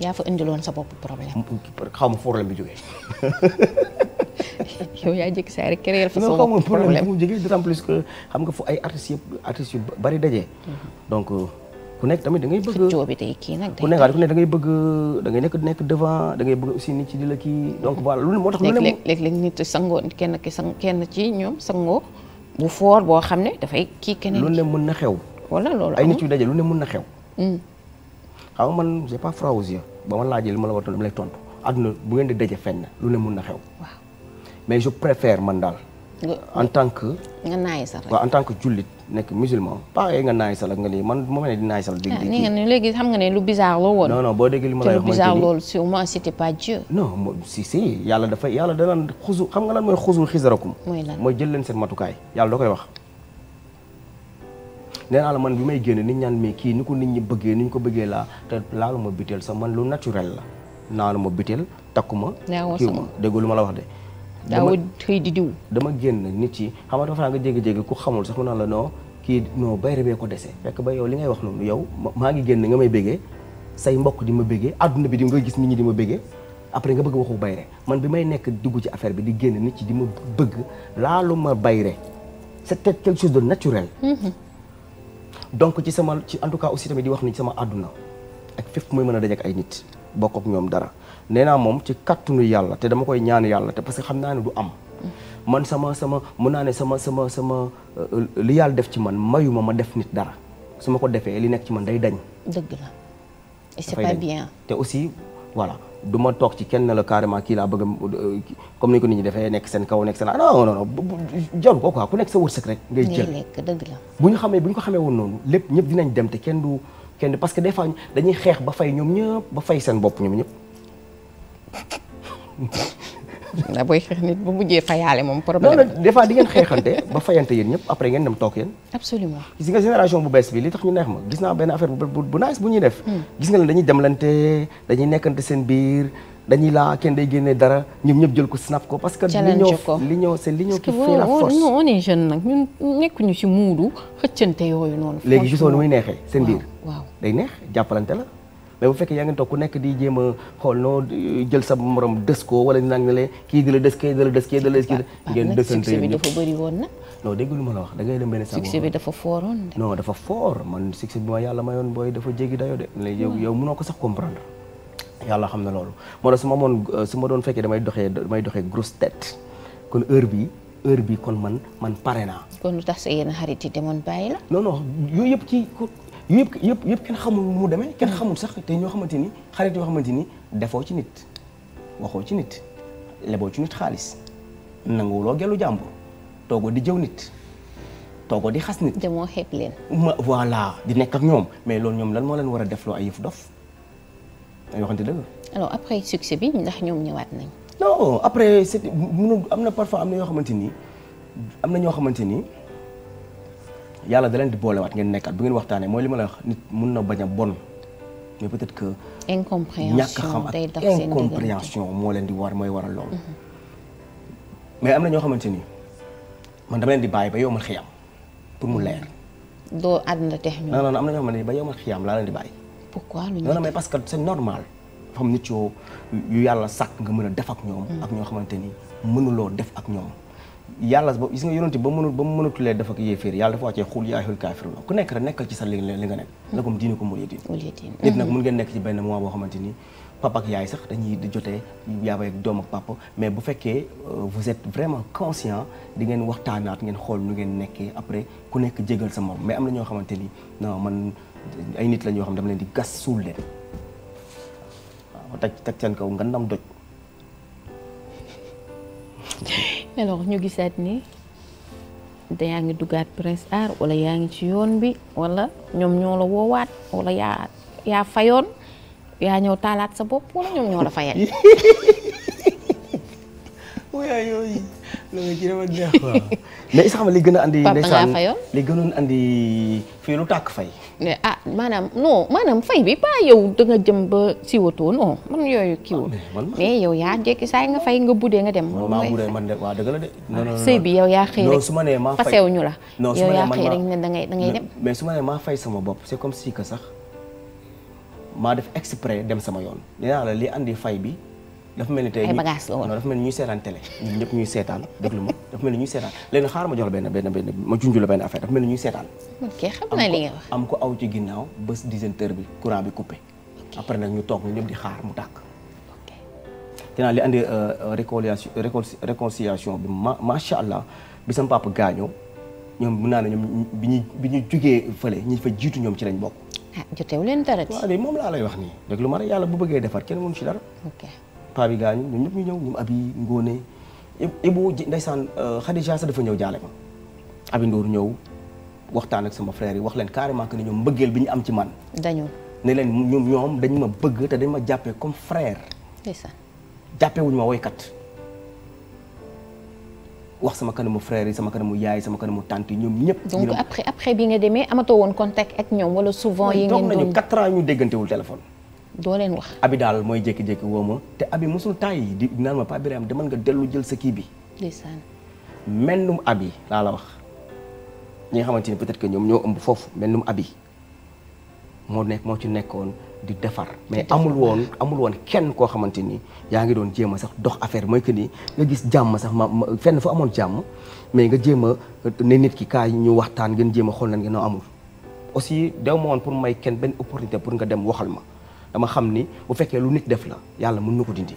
yaa fa indiloon sa bopp problème. xaw ma problème bi jógee. yow yaa jékki saa rek créer fa xaw ma problème bu mu jógee d'autant mm-hmm. donc. Euh, ku nekk tamit da bëgg xëccoo bi day kii nag. ku nekk ku nekk da ngay bëgg da ngay nekk nekk devant da ngay bëgg aussi nit ci di la kii donc voilà kenn ki sang kenn ñoom sangoo bu foor boo xam ne dafay kii keneen. lu ne mën na xew. wala loolu ay nit yu daje lu ne mën na xew. Hmm. xam nga man j'ai pas froid ba ma laajee li ma la war a tontu dama lay tontu àdduna bu ngeen di daje fenn lu ne mun na xew. waaw mais je préfère man daal. en tant que. nga naay sax waaw en tant que jullit. nekk musulman pas eh, nga naay sal ak nga lii man moo mel ne di naay sal ah, di ni nga léegi xam nga ne lu bizarre la woon boo déggee li ma lay wax lu bizarre loolu si si si yàlla yàlla danaan xusu xam nga lan mooy xusu xisarakum mooy lan jël leen seen koy wax nee naa la man bi may génn nit ñaan mii kii ni ko nit ñi bëggee ni ñu ko bëggee laa te laalu ma biteel sax man lu naturel la naalu ma biteel takku ma ma dégg lu ma la wax de daaw xëy di diw dama génn nit yi xam nga dafa naa nga jékki-jékki ku xamul sax mu naan la noo kii non bayre bee ko dese fekk ba yow li ngay wax noonu yow maa ngi génn nga may béggee say mbokk di ma béggee adduna bi di nga gis nit ñi di ma béggee après nga bëgg waxu bayre man bi may nekk dugg ci affaire bi di génn nit yi di ma bëgg laalu ma bayre c'était quelque chose de naturel mm-hmm. donc ci sama ci en tout cas aussi tamit di wax ni sama àdduna ak fépp muy mën a dajek ay nit bokk ñoom dara nee naa moom ci kattanu yàlla te dama koy ñaan yàlla te parce que xam naa ne am. man sama sama mun naa ne sama sama sama euh, li yàlla def ci man mayu ma def nit dara su ma ko defee li nekk ci man day dañ. dëgg la et te aussi voilà du ma toog ci kenn la carrément kii laa bëgg comme ni ko defee nekk seen kaw nekk seen non non non jaru ko quoi ku nekk sa wërsëg rek. ngay jël dëgg bu ñu xamee bu ñu ko xamee woon noonu lépp ñëpp dinañ dem kenn du kenn parce que des fois dañuy xeex ba fay ñoom ñëpp ba fay seen bopp ñoom ñëpp. ndax booy xeex nit bu mujjee yaale moom problème la. des fois di ngeen xeexante ba fayante yéen ñëpp après ngeen dem toog yéen. absolument gis nga bees bi li tax ñu neex ma gis naa benn affaire bu def. Hmm. gis nga leen dañuy demlante dañuy nekkante seen biir dañuy laa kenn day génne dara ñoom ñëpp jël ko snap ko. parce que l'union l'union c'est l'union qui fait la force. non on est nekkuñu ci muudu xëccante yooyu noonu. léegi gisoo ni muy neexee seen biir. waaw day neex jàppalante la. mais bu fekkee yaa ngi toog ku nekk di jéem a xool noo jël sa morom dës ko wala nag ne kii di la dës kii di la dës kii di la dës ah, ngeen dafa bëri woon na wax da ngay dem benn succès bi dafa foor man succès bi ma yàlla mayoon booy dafa jéggi dayo de la yow hmm. yow mënoo ko sax comprendre yàlla xam na loolu moo tax su ma moon su ma doon fekkee damay doxee damay doxee grosse tête kon heure bi heure bi kon man man pare naa kon lu tax sa yenn xarit yi demoon bàyyi la non non yooyu yëpp yëpp yëpp kenn xamul mu demee kenn xamul sax te ñoo xamante ni xarit yoo xamante ni defoo ci nit waxoo ci nit leboo ci nit xaalis nanguwuloo gelu jàmbur toogoo di jëw nit toogoo di xas nit. demoo xeeb leen. ma voilà di nekk ak ñoom mais loolu ñoom lan moo leen war a defloo ay yëfu dof ay waxante dëgg. alors après succès bi ndax ñoom ñëwaat nañ. non après c'est mënul am na parfois am na yoo xamante ni am na ñoo xamante ni. yàlla daleen leen di boolewaat ngeen nekkaat bu ngeen waxtaanee mooy li ma la wax nit mun na bañ a bon mais peut-être que. incompréhension day dox seen diggante ñàkk xam ak incompréhension moo leen di war mooy waral loolu. Mm-hmm. mais am na ñoo xamante ni man dama leen di bàyyi ba yow ma xiyam pour mu leer. Mm-hmm. doo àdduna tex ñu. non non am na ñoo xamante ni ba yow ma xiyam laa leen di bàyyi. pourquoi lu ñu non mais parce que c'est normal. dafa am nit yoo yu yàlla sàkk nga mën a def ak ñoom. Mm-hmm. ak ñoo xamante ni mënuloo def ak ñoom. yàlla ba gis nga yonente ba mënul ba mu mënatulee def ak yéeféer yàlla dafa wàccee xul yaayul kaafiruuna ku nekk rek nekkal ci sa li li nga nekk hmm. lakum diinukum waliya diin nit hmm. nag mun ngeen nekk ci benn moment boo xamante ni papa yaay sax dañuy di jotee yaabay ak doom ak papa mais bu fekkee euh, vous êtes vraiment conscient di ngeen waxtaanaat ngeen xool nu ngeen nekkee après ku nekk jégal sa morom mais am na ñoo xamante ni non man ay nit la ñoo xam dama leen di gas suul leen waaw teg teg seen kaw nga doj alors ñu gisaat ni da yaa ngi duggaat Prince Art wala yaa ngi ci yoon bi wala ñoom ñoo la woowaat wala yaa yaa fayoon yaa ñëw taalaat sa bopp wala ñoom ñoo la fayal. loolu ci dama neex waaw mais is xam li gën a andi. ndeysaan li gënoon andi fii lu tàkk fay. ah maanaam non maanaam fay bi yow da nga jëm ba siwatoo non yooyu kiiwul. mais yow yaa jékki saa nga fay nga budee nga dem. maa budee man de waaw dëgg e la de. non sëy bi yow yaa xëy rek. su ma nee maa fay la. non su ma da ngay da ngay dem. mais su ma maa fay sama bopp c'est comme si que sax maa def exprès dem sama yoon nee naa la li andi fay bi dafa mel ni tey ay bagages la mel ñuy seetaan télé ñun ñëpp ñuy seetaan déglu ma dafa mel ni ñuy seetaan léegi xaaral ma jox la benn benn benn ma junj la benn affaire dafa mel ni am ko aw ci ginnaaw bés 10 heures bi courant bi coupé. après nag ñu toog ñëpp di xaar mu tàkk. ok te naa li andi euh, réconciliation réconciliation bi macha allah bi sama papa gaañoo ñoom mun naa ne ñoom bi ñu bi ñu jugee fële ñi fa jiitu ñoom ci lañ bokk. ah jotewu leen dara. waaw de moom laa lay wax nii déglu ma rek yàlla bu bëggee defar kenn mënu ci dara. paa bi gaañu ñun ñëpp ñu ñëw ñoom abi ngóone ibu ndeysaan euh, Khadija sa dafa ñëw jaale ma abi Ndour ñëw waxtaan ak sama frair yi wax leen carrément que ni ñoom mbëggeel bi ñu am ci man dañu ne leen ñoom ñoom dañ ma bëgg te dañ ma jàppee comme frère ndeysaan jàppee wuñu ma woykat wax sama kanamu frère yi sama yaay sama kanamu tante yi ñoom ñëpp. donc après bi nga demee amatoo woon contact ak ñoom wala souvent. yi ngeen doon toog nañu 4 ans ñu déggantewul téléphone. doo leen wax. abi daal mooy jékki-jékki woo ma te abi mosul taay di naan ma Pape Birahim demal nga dellu jël sa kii bi. ndeysaan. mennum abi laa la wax ñi nga xamante ni peut-être que ñoom ñoo ëmb foofu mennum abi moo nekk moo ci nekkoon di defar. mais amul woon amul woon kenn koo xamante ni yaa ngi doon jéem a sax dox affaire mooy que ni nga gis jàmm sax ma fenn fa amoon jàmm mais nga jéem a ne nit ki kaay ñu waxtaan ngeen jéem a xool lan ngeen amul. aussi dew ma woon pour may kenn benn opportunité pour nga dem waxal ma. dama xam ni bu fekkee lu nit def la yàlla mën na ko dindi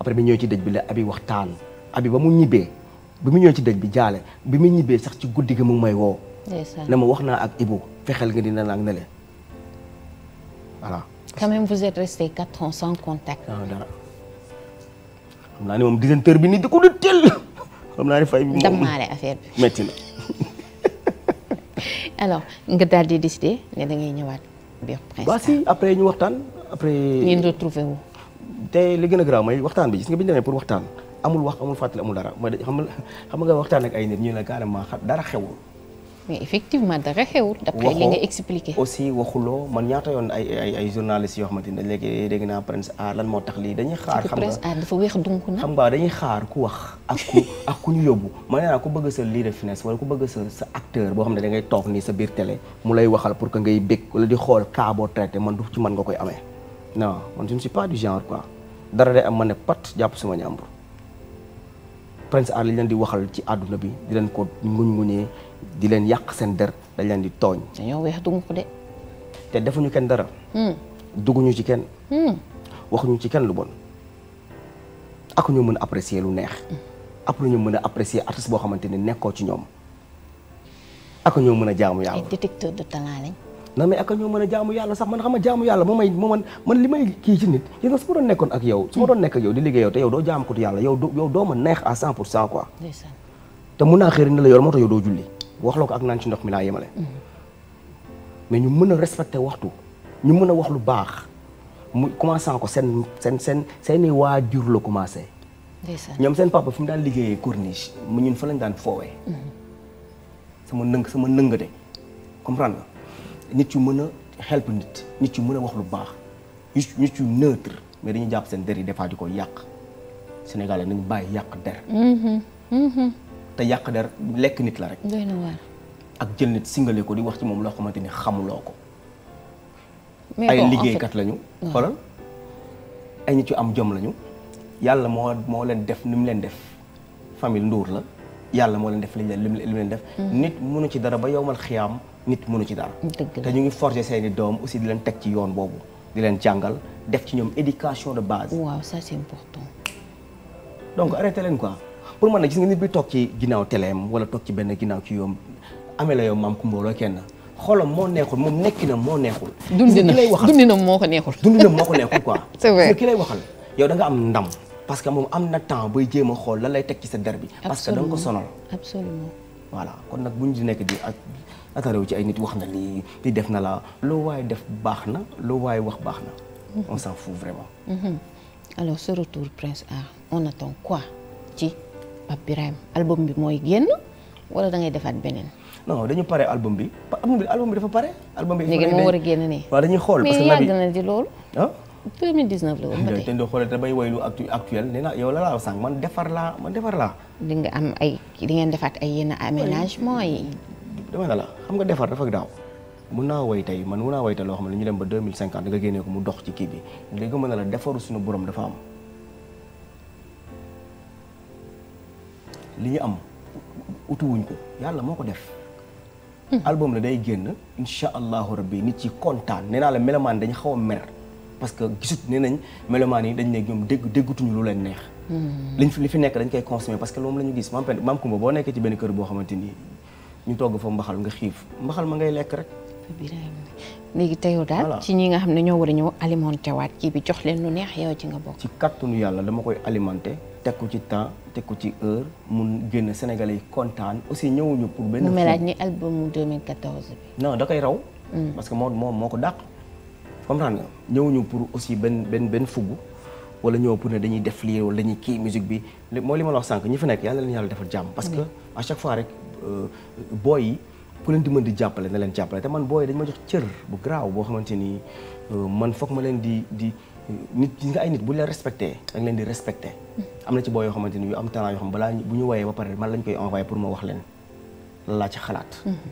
après bi ñëw ci dëj bi la abi waxtaan abi ba mu ñibbee bi mu ñëw ci dëj bi jaale bi mu ñibbee sax ci guddi gi mu ngi may woo na ma wax naa ak Ibou fexeel nga dina naag ne le voilà quand même vous êtes resté quatre ans sans xam naa ne moom diggante bi ni di ko du teel xam naa ne fay bi dammaale affaire bi métti na alors nga daal di décidé ne da ngay ñëwaat biir Prince Art. si après ñu waxtaan après. ngeen retrouvé wu. te li gën a garaaw mooy waxtaan bi gis nga bi ñu pour waxtaan amul wax amul fàttali amul dara mooy xam nga xam nga waxtaan ak ay nit ñu ne carrément dara xew mais effectivement dara xewul. d'après li nga aussi waxuloo man ñaata yoon ay ay ay journalistes yoo xamante ne léegi dégg naa presse moo tax lii dañuy xaar. xam nga presse aar dafa weex dunk na. xam nga dañuy xaar ku wax ak ku ñu yóbbu ma ne ku bëgg sa leader finesse wala ku bëgg sa sa acteur boo xam ne da ngay toog nii sa biir télé mu lay waxal pour que ngay bég wala di xool cas boo man du ci man nga koy amee non man je si suis pas du genre quoi dara day am ma ne pat jàpp sama ñàmbur. Prince Art li leen di waxal ci àdduna bi di leen ko nguñ-nguñee di leen yàq seen der dañ leen di tooñ. dañoo weex dugg ko de. te ñu kenn dara. Hmm. dugguñu ci kenn. Hmm. waxuñu ci kenn lu bon. ak ñu mën a apprécier lu neex. ak ñu mën a apprécier artiste boo xamante ni nekkoo ci ñoom. ak ñoo mën a jaamu yàlla ay détecteur de talent lañ. a jaamu yàlla sax man xam nga jaamu yàlla moom may man man li may kii ci nit yi nga su ma doon nekkoon ak yow. su ma doon nekk ak yow di liggéey yow te yow doo jaamu ko yàlla yow doo yow doo ma neex à 100 pour cent quoi. te mun naa xëy na la yor moo tax yow doo julli. waxloo ko ak naan ci ndox mi laa yemale. mais ñu mën a respecté waxtu ñu mën a wax lu baax mu commencé ko seen seen seen seeni waajur la commencé. ñoom seen papa fi mu daan liggéeyee corniche mu ñun fa lañ daan foowee. sama nëng sama nëng de comprendre nit yu mën a help nit nit yu mën a wax lu baax nit yu neutre mais dañuy jàpp seen der yi des fois di ko yàq sénégalais nañu bàyyi yàq der. Mm-hmm. Mm-hmm. te yàq der lekk nit la rek. ak jël nit singale ko di wax ci moom loo xamante ni xamuloo ko. ay liggéeykat lañu. xoolal ay nit yu am jom lañu. yàlla moo moo leen def ni mu leen def famille Ndour la yàlla moo leen def li mu def. Hmm. nit munu ci dara ba yowmal xiyaam nit mënu ci dara. te ñu ngi forger seeni doom aussi di leen teg ci yoon boobu. di leen jàngal def ci ñoom éducation de base. waaw ça c'est important. donc arrêté leen quoi. pour man na gis nga nit bi toog ci ginnaaw teleem wala toog benn ginnaaw ci yoom amee la yow maam ku kenn xolam moo neexul moom nekkinam moo neexul. dundinam moo ko neexul. ko neexul quoi. c'est vrai ki yow que moom am na temps bay jéem a xool lan sa der bi. parce que da ko sonal. absolument voilà kon nag buñ di nekk di ak atarew ci ay nit wax na lii di def na la loo waaye def baax na loo waaye wax baax na. Mm-hmm. on s'en fout vraiment. Mm-hmm. alors ce retour Prince Art on attend quoi ci. Pape Birahim album bi mooy génn wala da ngay defaat beneen. non dañu pare album bi album bi dafa pare. album bi léegi moo war a génn nii. waaw dañuy xool parce que mais yàgg na di loolu. ah la woon ba sànq man defar laa man defar laa. di nga am ay di ngeen defaat ay yenn aménagement yi. dama ne la xam nga defar dafa daaw. mun naa génnee ko mu dox ci kii bi léegi mën na defaru suñu borom dafa am. li ñu am utuwuñ ko yàlla moo ko def. Hmm. album la day génn incha allahu rabbi nit ci kontaan nee naa la melomaan dañ xaw a mer parce que gisut nee nañ melomaan yi dañ ne ñoom dégg déggutuñu lu leen neex. Hmm. liñ fi li fi nekk dañ koy consommer parce que loolu la ñu gis maam pen maam Kumba boo nekkee ci benn kër boo xamante ni ñu togg fa mbaxal nga xiif mbaxal ma ngay lekk rek. léegi te yow daal ci ñi nga xam ne ñoo war a ñëw alimenté waat kii bi jox leen lu neex yow ci nga bokk. ci kattanu yàlla dama koy alimenté. teg ko ci temps teg ko ci heure mun génn Sénégalais yi kontaan aussi ñëwuñu pour. benn mu melaat ni album 2014 bi. non da koy raw. Mm. parce que moo moom moo ko dàq. comprendre nga ñëwuñu pour aussi benn benn benn fugg wala ñëw pour ne dañuy def lii wala dañuy kii musique bi mooy li ma la wax sànq ñi fi nekk yàlla na leen yàlla defal jàmm. parce que mm. à chaque fois rek euh, booy yi ku leen di mën di jàppale na leen jàppale te man booy yi ma jox cër bu garaaw boo xamante ni euh, man foog ma leen di di. nit ñi nga ay nit bu la respecté da nga leen di respecté hmm. am na ci boo yoo xamante ni yu am talent yoo xam balaa bu ñu woyee ba pare man lañ koy envoyé pour ma wax leen lan laa ci xalaat hmm.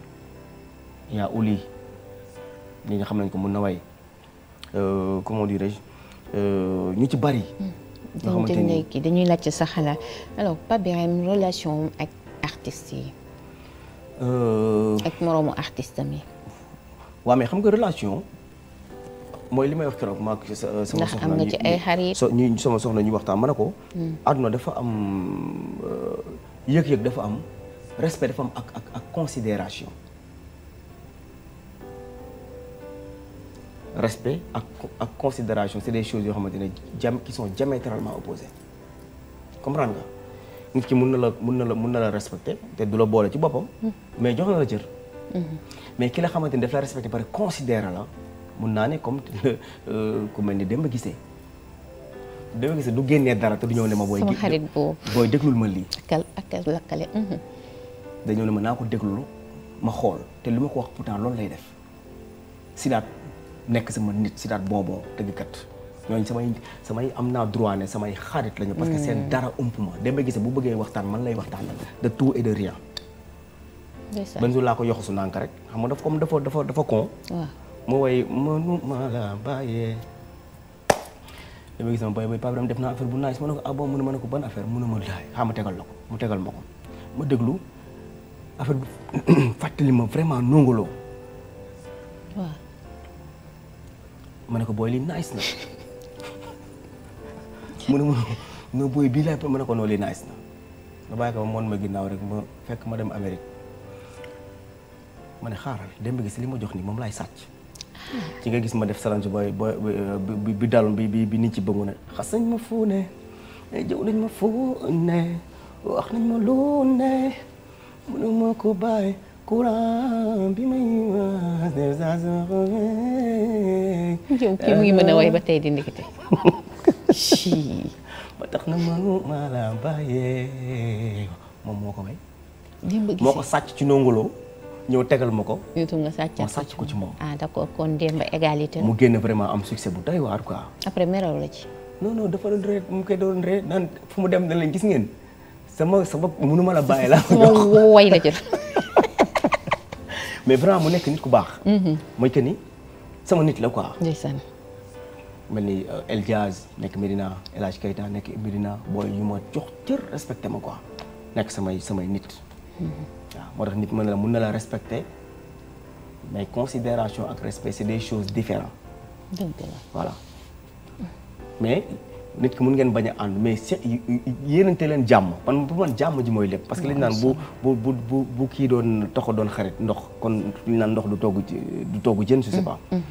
yaa uli ñi nga xam nañ ko mun na way euh, comment dirais-je euh, ñu ci bari hmm. nga kii dañuy laajte sa xalaat alors Pape Birahim relation ak artistes yi euh. ak moroomu artiste am yi mais xam nga relation mooy li may wax keroog maag sama soxna am nga ci ay xarit so ñu sama soxna ñu waxtaan ma ne ko àdduna dafa am euh, yëg-yëg dafa am respect dafa am ak ak ak considération respect ak ak considération c'est des choses yoo xamante ne jam qui sont diamétralement opposées comprendre nga nit ki mun na la mun na la mun na la respecter te du la boole ci boppam mm. mais jox na la cër mm-hmm. mais ki la xamante ni daf la respecté pare considéré la mun naa ne comme euh, ku mel ni dem Gisee Demba Gisee du génnee dara te du ñëw ne ma. sama xarit boobu booy déglul ma lii. akal akal lakkale. Mhm. dañoo ne ma naa ko déglulu ma xool te lu ma ko wax pourtant loolu lay def Sidaat nekk sama nit Sidaat bonbon tëggkat ñooñu samay samay am naa droit ne samay xarit lañu. parce que hmm. dara ump ma Demba Gisee bu bëggee waxtaan man lay waxtaan de tout et de rien. benn jour laa ko yoxusu nànk rek xam nga dafa comme dafa dafa dafa con. mu woy mënu ma la bàyyee def naa affaire bu nice ma ne ko ah bon mu ma ko ban affaire mu ne ma laaj xaa ah, la ko mu tegal ma ko déglu affaire bi fàttali ma vraiment nongoloo ma ne ko booy na ma no booy bii laay ko ma bàyyi ko ma moon ma ginaaw rek ma fekk ma dem Amérique ma ne xaaral dem bi gis li ma jox nii moom laay sàcc ci nga gis ma def salange booy booy bi daloon bi bi nit ci bëggu ne xas nañ ma fu ne jëw nañ ma fu ne wax nañ ma lu ne mënu ma ko bàyyi courant bi may jëw kii mu ngi mën a way ba tey di ndikite ba tax na mënu ma la bàyyee moom moo ko way moo ci nongoloo ñëw tegal ma ko. youtube nga sàcc ko ci moom ah d'accord kon démb égalité la. mu génn vraiment am succès bu doy waar quoi. après meral la ci. non non dafa doon ree mu koy doon ree naan fu mu dem na leen gis ngeen sama sama mënu ma la bàyyi la. moom woy la ci. mais vraiment mu nekk nit ku baax. Mm-hmm. mooy que ni sama nit la quoi. ndeysaan. mel ni euh, El Diaz nekk Medina El Hadj Keita nekk Medina booy ñu ma jox cër respecté ma quoi nekk samay samay nit. Mm-hmm. moo tax nit mën na la mën na la respecter mais considération ak respect c'est des choses différentes voilà mais nit ki mën ngeen bañ a ànd mais se yéenante leen jàmm man jàmm ji mooy lépp parce que li naan bu bu bu bu bu kii doon toxa doon xarit ndox kon li ñu naan ndox du togg du togg jën je sais mm, pas mm.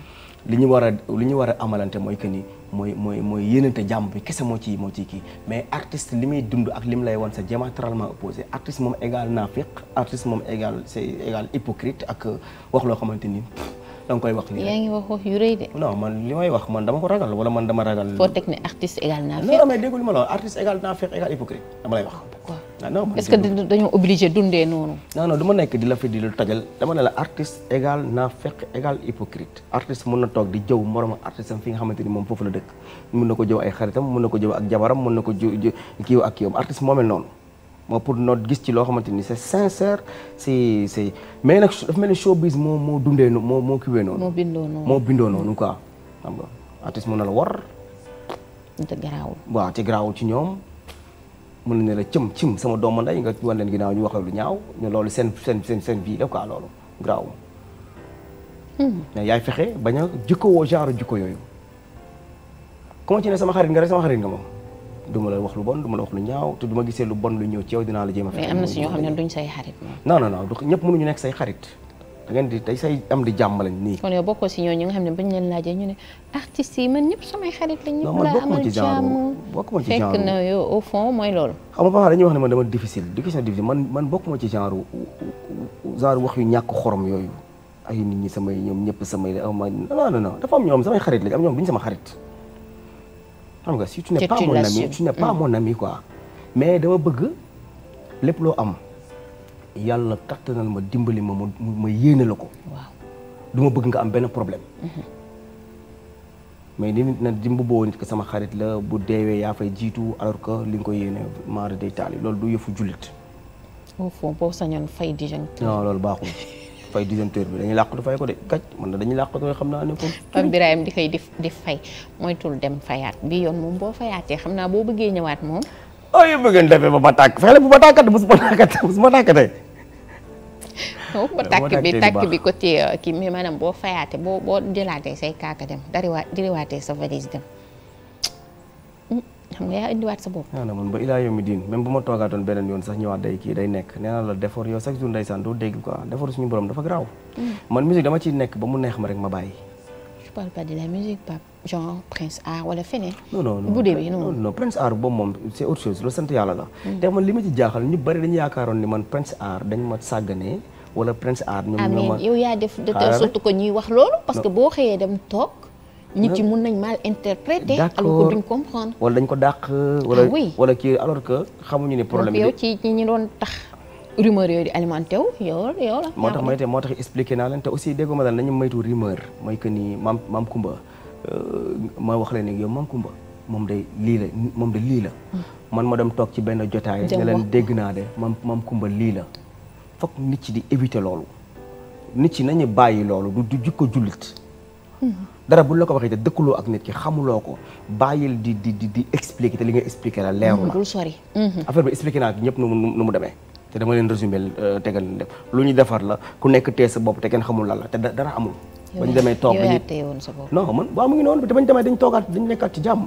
li ñu war a amalante mooy que ni mooy mooy mooy yéenante jàmm bi kese moo ci moo ci kii mais artiste li muy dund ak lim lay wan sa diamétralement opposé artiste moom égal naafiq artiste moom égal c'est égal hypocrite ak euh, wax loo xamante ni da nga koy wax nii yaa ngi wax wax yu rëy de. non man li may wax man dama ko ragal wala man dama ragal. foo teg ne artiste égal naafiq. non mais déggul ma loolu égal naafiq égal hypocrite dama lay wax. Ah, non est-ce que dañoo obligé dundee noonu. non non du ma nekk di la fi di lu tojal dama ne la artiste égal naafeq égal hypocrite artiste mun na toog di jëw moroom artiste am fi nga xamante ni moom foofu la dëkk mun na ko jëw ay xaritam mun na ko jëw ak jabaram mun na ko kiiw ak kiiwam artiste moo mel pour noot gis ci loo xamante ni c'est sincère c'est c'est mais nag dafa mel ni showbiz moo moo dundee moo moo kiwee noonu. moo bindoo moo bindoo noonu quoi xam nga artiste mun na la war. te garaawul waaw te ñoom. mën na ne la cëm cim sama doomu ndey nga wan leen ginnaaw ñu wax lu ñaaw ne loolu seen seen seen seen vie la quoi loolu graaw hmm. yaay fexe bañ a jikkoowoo genre jikko yooyu comment ci ne sama xarit nga rek sama xarit nga moom du ma la wax lu bon du ma la wax lu ñaaw te du ma gisee lu bon lu ñëw ci yow dinaa la jéem a fexe mais am na si ñoo xam ne duñ nekk say xarit da ngeen di tey say am di jàmm lañ nii. kon yow bokkoo si ñooñu nga xam ne bañ leen laajee ñu ne artistes yi man ñëpp samay xarit lañ. ñëpp laa amal jàmm non man bokkuma ci genre fekk na yow au fond mooy loolu. xam nga dañuy wax ne man dama difficile difficile difficile man man bokkuma ci genre genre wax yu ñàkk xorom yooyu ay nit ñi samay ñoom ñëpp samay ah ma non non non dafa am ñoom samay xarit lañ am ñoom duñ sama xarit. xam nga si tu n'es pas mon ami tu n'es pas mm. mon ami quoi mais dama bëgg lépp loo am. yàlla kattanal ma dimbali ma ma yéene la ko. waaw bëgg nga am benn problème. Mhm. mais nit na dimbaliwoo nit ko sama xarit la bu deewee yaa fay jiitu alors que li nga koy yéene maar day taali loolu du yëfu jullit. au fond boo fay disjoncteur. non loolu baaxul fay disjoncteur bi dañu làqatu fay ko de kaj mën na dañuy làqatu xam naa ne ko. Pape Birahim di koy di di fay moytul dem fayaat bi yoon moom boo fayaatee xam naa boo bëggee ñëwaat moom. oh yëpp ngeen defee ba ma tàkk fexe bu ma tàkkate bu ma tàkkate bu ma tàkkate. non ba tàkk bi tàkk bi côté kii mais maanaam boo fayaate boo boo jëlaatee say kaaka dem dariwaa diriwaatee sa valise dem xam nga yaa indiwaat sa bopp. waaw man ba ma toogaatoon yoon sax ñëwaat day kii day nekk nee naa la defor yow chaque jour nekk ba mu neex ma rek ma bàyyi. je parle de la musique Pape. genre Prince Art wala feneen. non non non bu demee noonu. non Prince Art boobu moom c' est chose loolu sant yàlla la. Hmm. te man li ma ci jaaxal ñu bari dañu yaakaaroon ni man Prince Art dañ ma sàgganee wala Prince Art. ñoom ñoo ma yow yaa def de telle sorte wax loolu. parce que boo xëyee dem toog. nit mun nañ mal interpréter. d' accord alors que duñ comprendre. wala dañ ko dàq. wala ah wala kii alors que xamuñu ne problème bi. yow ci ñi doon tax. rumeur yooyu di alimenté wu yow yow la. moo tax ah may te moo tax expliqué naa leen te aussi déggoo ma daal nañu moytu rumeur mooy que ni maam maam Kumba Euh, ma wax la ni yow kumba moom de lii la moom de lii la. man ma dem toog ci benn jotaay. ne leen dégg naa de moom kumba lii la. foog nit ci di éviter loolu. nit ci nañu bàyyi loolu du du jikko jullit. dara bu la ko waxee te dëkkuloo ak nit ki xamuloo ko bàyyil di di di di expliquer te li nga expliquer la leeru la. dul sori. Mhm. bi expliquer naa ñëpp nu mu nu mu demee. te dama leen résumé euh, tegal leen def lu ñu defar la ku nekk tee sa bopp te kenn xamul lan la te dara amul. ba ñu demee toog dañuy non man waaw mu ngi noonu te bañ demee dañ toogaat dañ nekkaat ci jàmm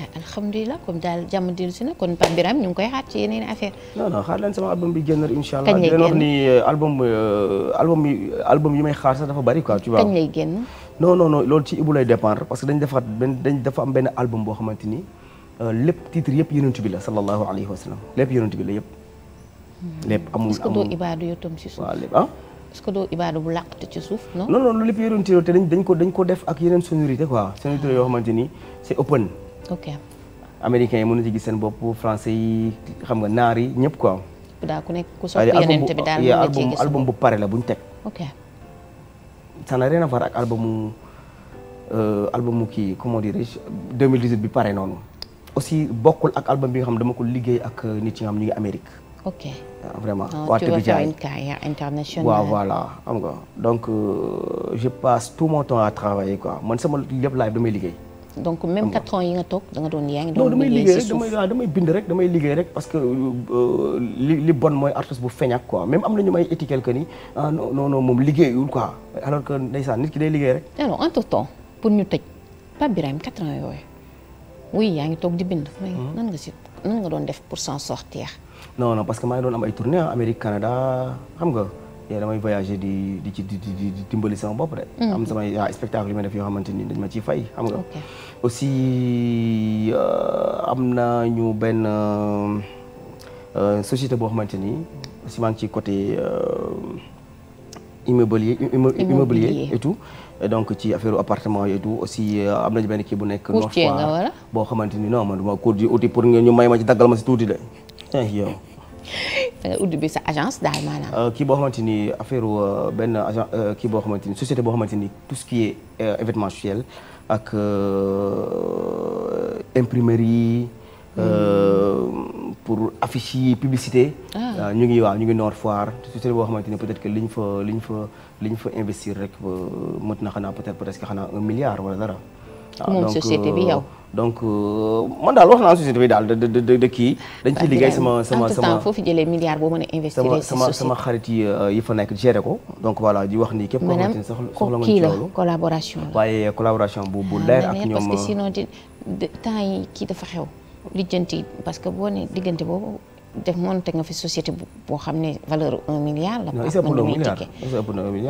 ah, alhamdulilah comme daal jàmm dellu si na kon Pape Birame ñu ngi koy xaar ci yeneen affaire non may xaar sax dafa bari quoi tu vois kañ lay génn non non non loolu ci Ibou lay dépendre parce que dañ defaat benn dañ dafa am benn album boo xamante ni euh, lépp titre yëpp yonent bi la sallallahu alayhi wa sallam lépp yonent bi la yëpp hmm. lépp amul amul est-ce que doo ibaadu yotam si suuf ah? est-ce que doo ibaadu bu làqute ci suuf non non non loolu lépp yoroon tiro te dañ ko dañ ko def ak yeneen sonorité quoi sonorité yoo xamante ni c'est open ok américains mën na ci gis seen bopp français yi xam nga naar yi ñëpp ko daa ku nekk ku sopp yeneen bi daal album album bu pare la bu ñu teg ok ça n'a rien à voir ak albumu euh, albumu kii comment dirais-je 2018 bi pare noonu aussi bokkul ak album bi nga xam dama ko liggéey ak euh, nit yi nga xam ngi Amérique ok vraiment waate bi jaay voilà xam nga donc euh, je passe tout mon temps à travailler quoi man sama lépp live damay liggéey donc même quatre ans yi nga toog da nga doon yaa ngi doon damay liggéey damay waaw damay bind rek damay liggéey rek parce que euh, li li bon mooy artiste bu feñak quoi même am na ñu may étiquette que ni ah non non non moom liggéeyul quoi alors que ndeysaan nit ki day liggéey rek alors entre temps pour ñu tëj Pape Birahim quatre ans yooyu oui yaa ngi toog di bind hmm. nan nga si nan nga doon def pour s'en sortir non parce que maa ngi doon am ay tournée ah, Amérique Canada xam nga yooyu damay voyager di di ci di dimbali sama bopp de. Mm-hmm. am sama ah, spectacle yu may def yoo xamante ni dañ ma ciy fay xam nga. aussi euh, am na ñu benn euh, société boo xamante ni aussi maa côté euh, immobilier. immobilier et ci affaire appartement aussi am nañu benn kii bu nekk. courtier nga boo xamante ni non man du ma ñu may ma ci daggal ma si tuuti de. Eh, yow Euh, da ngay agence daal euh, kii boo xamante ni affaire euh, benn agent kii boo xamante ni société boo xamante ni tout ce qui est événementiel ak imprimerie. Hmm. pour affiche yi publicité. Ah. ñu ngi waaw ñu ngi Nord Foire société boo xamante ni peut-être que liñ fa liñ fa liñ fa investir rek mët na xanaa peut-être presque xanaa un milliard wala dara. Ah, moom société bi euh, yow. donc euh, man daal wax naa société bi daal de kii. dañ ciy liggéey sama sama sama en tout temps foofu jëlee milliard boo mën a sama sama yi euh, yi fa nekk gérer ko. donc voilà di wax nii képp koo xamante ni sax soxla nga ci loolu collaboration la. waaye collaboration bu bu ah, leer ak ñoom. parce que sinon temps kii dafa xew lijjanti parce que boo ne diggante boobu def monté nga fi société boo xam ne valeur un milliard. la part moom muy tikkee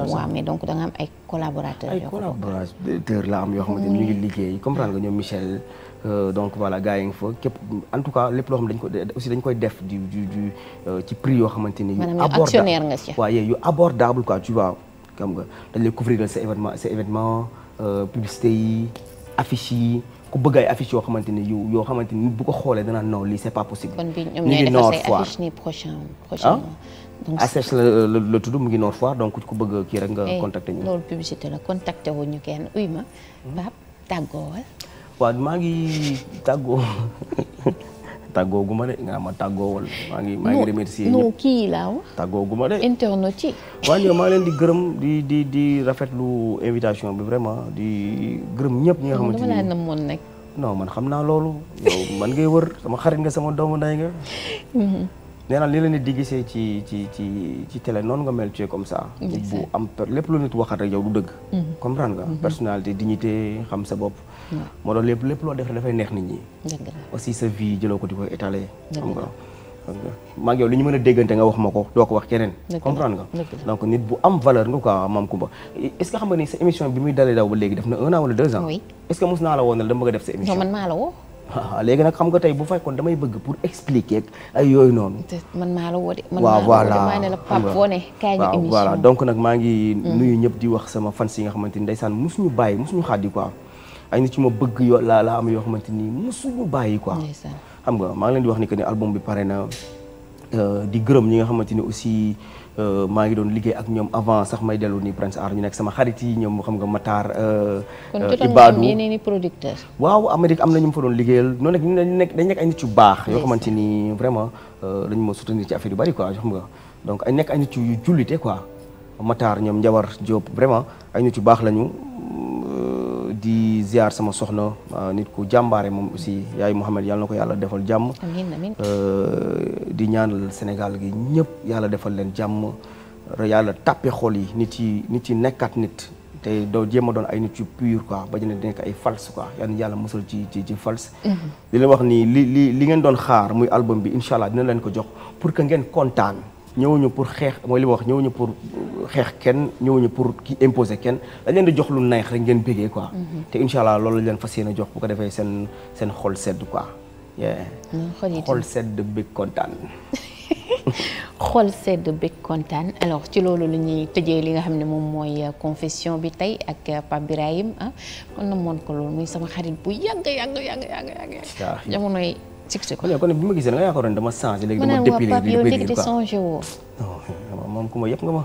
waaw mais donc da nga am ay collaborateurs. yoo xamante ni ñu liggéey comprendre nga ñoom Michel. Euh, donc voilà gars yi en tout cas lépp loo xam dañ ko aussi dañ koy def euh, ci prix yoo xamante ni. maanaam yow actionnaire nga ci. waaw yu abordable quoi tu vois xam couvrir sa événement sa événement ku bëgg ay affiche yoo xamante ni yow yoo xamante ni bu ko xoolee danaa non lii c'est pas possible. kon bi ñoom nii prochain prochain. Ah? donc ACH la la mu ngi Nord Foire donc ku bëgg kii rek nga eh, contacter ñu. loolu publicité la contacter wu ñu kenn uy ma. Hmm? Pape tàggoo ah? waaw maa ngi tàggoo. tàggoo gu ma de nga ma tàggoo wal maa ngi maa ngi remercier ñëpp non kii laa tàggoo gu ma waa ñoo maa leen di gërëm di di di rafetlu invitation bi vraiment di gërëm ñëpp ñi nga xamante ni namoon nag non man xam naa loolu man ngay wër sama xarit nga sama doomu nga mm-hmm. nee li leen di gisee ci ci ci ci télé noonu nga mel ci comme ça bu am lépp lu nit waxat rek yow du dëgg mm-hmm. comprendre nga mm-hmm. personnalité dignité xam sa bopp moo doon lépp lépp loo def dafay neex nit ñi. sa vie ko di ko étaler. xam nga maa ngi yow ma ko doo ko wax keneen. comprendre nga donc nit bu am valeur nga sa émission bi muy dalee daw ba léegi def na un an wala deux ans. oui est ce man maa woo. Ah, tey bu fekkoon damay bëgg pour expliquer yooyu noonu. man maa la woo de. man maa la woo de ne la Pape émission. voilà donc nag maa ngi mm. nuyu ñëpp di wax sama fans yi nga xamante ni ndeysaan mosuñu bàyyi mosuñu xaadi quoi ay nit ci ma bëgg yoo laa laa am yoo xamante ni mosuñu bàyyi quoi. xam nga maa ngi leen di wax ni que ni album bi pare na euh, di gërëm ñi nga xamante ni aussi euh, maa ngi doon liggéey ak ñoom avant sax may dellu ni Prince Art ñu nekk sama xarit yi ñoom xam nga Matar. Euh, Ibadou kon yeneen i producteur waaw Amérique am na ñu fa doon liggéeyal noonu nag nekk dañu nekk ay nit yu baax. yoo xamante ni vraiment dañu ma soutenir ci affaire yu bari quoi xam nga donc ay nekk ay nit yu jullite ko mataar ñoom Njawar Diop vraiment ay nit yu baax lañu. di ziar sama soxna ah, nit ku jàmbaare moom aussi yaay Mouhamed yàlla na ko yàlla defal jàmm. Euh, di ñaanal Sénégal gi ñëpp yàlla defal leen jàmm yàlla tàppe xol yi nit yi nit yi nekkaat nit. te doo jéem a doon ay nit yu pur quoi ba dina nekk ay fals quoi yàlla musal ci ci ci fals. Mhm. di leen wax ni li li li ngeen doon xaar muy album bi incha dina leen ko jox pour que ngeen kontaan. ñëwuñu pour xeex mooy li ma wax ñëwuñu pour xeex kenn ñëwuñu pour ki imposer kenn dañ leen di jox lu neex rek ngeen bégee quoi. Mhm. te incha allah loolu lañ leen fas yéene jox bu ko defee seen seen xol sedd quoi. xol sedd bég kontaan. xol sedd bég kontaan alors ci loolu lu ñuy tëjee li nga xam ne moom mooy euh, confession bi tey ak euh, Pape Birahim ah kon na moon ko loolu muy sama xarit bu yàgg yàgg yàgg yàgg yàgg jamonoy. succès ko. kon bi ma gisee nga yaakaaroon dama changé léegi dama dépilé bi ma dégg quoi changé woo. moom ku ma yëpp nga ma.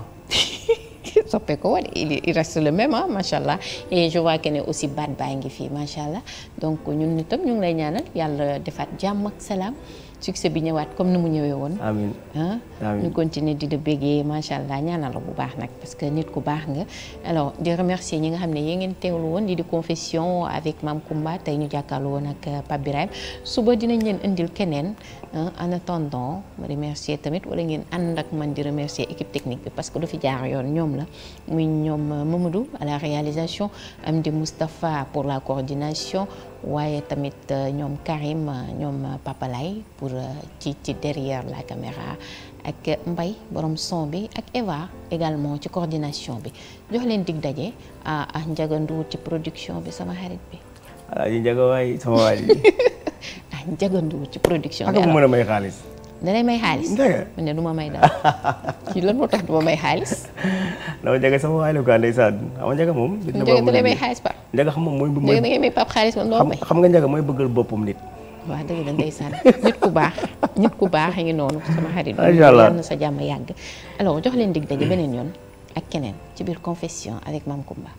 soppe ko wala il reste le même ah macha allah et je ne aussi baat baa ngi fii macha allah donc ñun itam ñu ngi lay ñaanal yàlla defaat jàmm ak salaam. succès bi ñëwaat comme ni mu ñëwee woon. amiin amiin ah, ñu continuer di la béggee macha allah ñaanal la bu baax nag parce que nit ku baax nga. alors di remercier ñi nga xam ne yéen ngeen teewlu woon di di confession avec Mame Koumba tey ñu jàkkaarloo woon ak euh, Pape Birahim suba dinañ leen indil keneen ah, en attendant ma remercier tamit wala ngeen ànd ak man di remercier équipe technique bi parce que du fi jaar yoon ñoom la muy ñoom euh, Mamadou à la réalisation am di Moustapha pour la coordination. waaye tamit euh, ñoom Karim euh, ñoom euh, papalaay pour ci ci derrière la caméra ak Mbay borom son bi ak Eva également ci coordination bi jox leen dig daje ah Ndiaga Ndour ci production bi sama xarit bi. alaaji Ndiaga waay sama waay. ah Ndiaga Ndour ci production bi. ak mu mën a may xaalis. da may xaalis. ma ne du ma may dara kii lan moo tax du may xaalis. non Ndiaga sama waay la quoi ndeysaan xam nga Ndiaga moom. Ndiaga da lay may xaalis Pape. Ndiaga xam moom mooy. Ndiaga xaalis man loo may. xam nga Ndiaga mooy bëggal boppam nit. waaw dëgg la ndeysaan nit ku baax nit ku baax a ngi noonu sama xarit. macha allah na sa jàmm yàgg. alors jox leen dig daje beneen yoon ak keneen ci biir confession avec Mame Coumba.